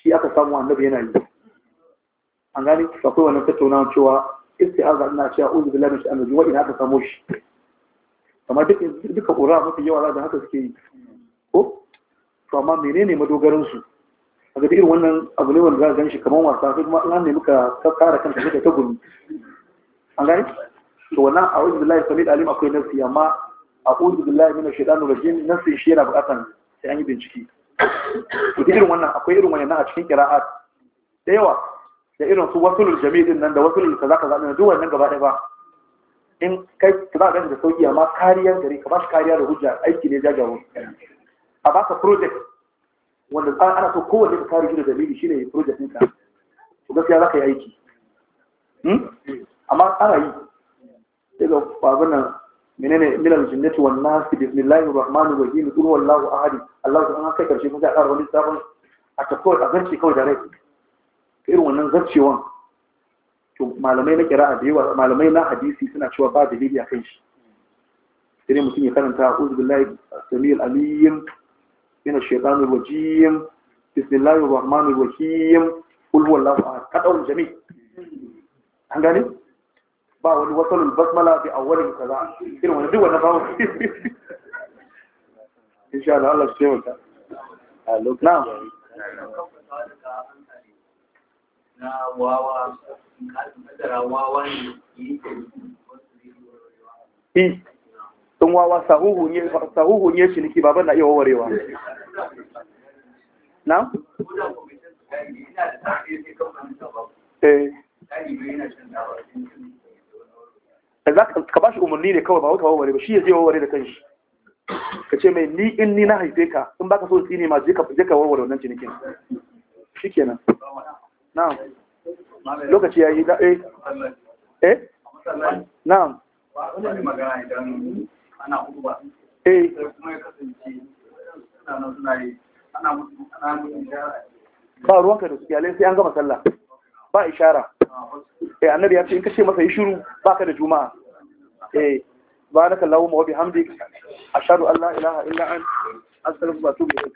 shi aka samu annabi yana yi an gane akwai wannan tattaunawa cewa isti'aza ina cewa ƙudu billahi na a rajin wa ina aka samo shi amma duka ƙura mafi yawa za haka suke yi ko to amma menene madogaransu a ga irin wannan abu ne wanda za a gan shi kamar wasa sai kuma an nemi ka kare kanta sai ta gumi an gani to wannan a wajen billahi da alim akwai nafsi amma a ƙudu billahi mina shaidanu rajim nafsi shi yana buƙatar sai an yi bincike to irin wannan akwai irin wannan a cikin kira'at da yawa da irin su wasulul jami'in nan da wasu kaza kaza nan duk wannan gaba ɗaya ba in kai ka za a gani da sauki amma kariyar gari ka ba shi kariya da hujja aiki ne jajawo a ba ka project wanda ana so kowanne ka kare shi da dalili shine ya project ɗinka to gaskiya za ka yi aiki hmm? amma tsara yi sai ga babin nan menene milal jinnati wan nas bismillahir rahmanir rahim qul huwallahu ahad Allah ta an kai karshe kuma sai a ƙara wani sabon a tafi a zarce kawai da rai irin wannan zarcewan to malamai na kira'a da yawa malamai na hadisi suna cewa ba dalili a kan shi sai mutum ya karanta a'udhu billahi samil alim min ash-shaytani rajim bismillahir rahmanir rahim qul huwallahu ahad kadawul jami' an gane ba wani wasalul basmala bi awwalin kaza irin wani duk wannan bawo insha Allah Allah ya taimaka a lokacin na wawa in eh, wawa sahuhu ne ciniki baban na iya wawarewa na? Eh. za ka ba shi umarni ne kawai ba wata warware ba shi ya je warware da shi. ka ce mai ni in ni na haife ka in baka so tsini ma je ka warware wannan cinikin shi kenan na'am lokaci ya yi da eh eh na'am eh. ba eh kuma ruwanka da su iyalai sai an gama sallah ba ishara eh annabi ya ce in kashe masa yi shiru ka da juma'a eh kallawo ma wabi hamdi a sharu allah ilaha illa an astaghfiruka ba atubu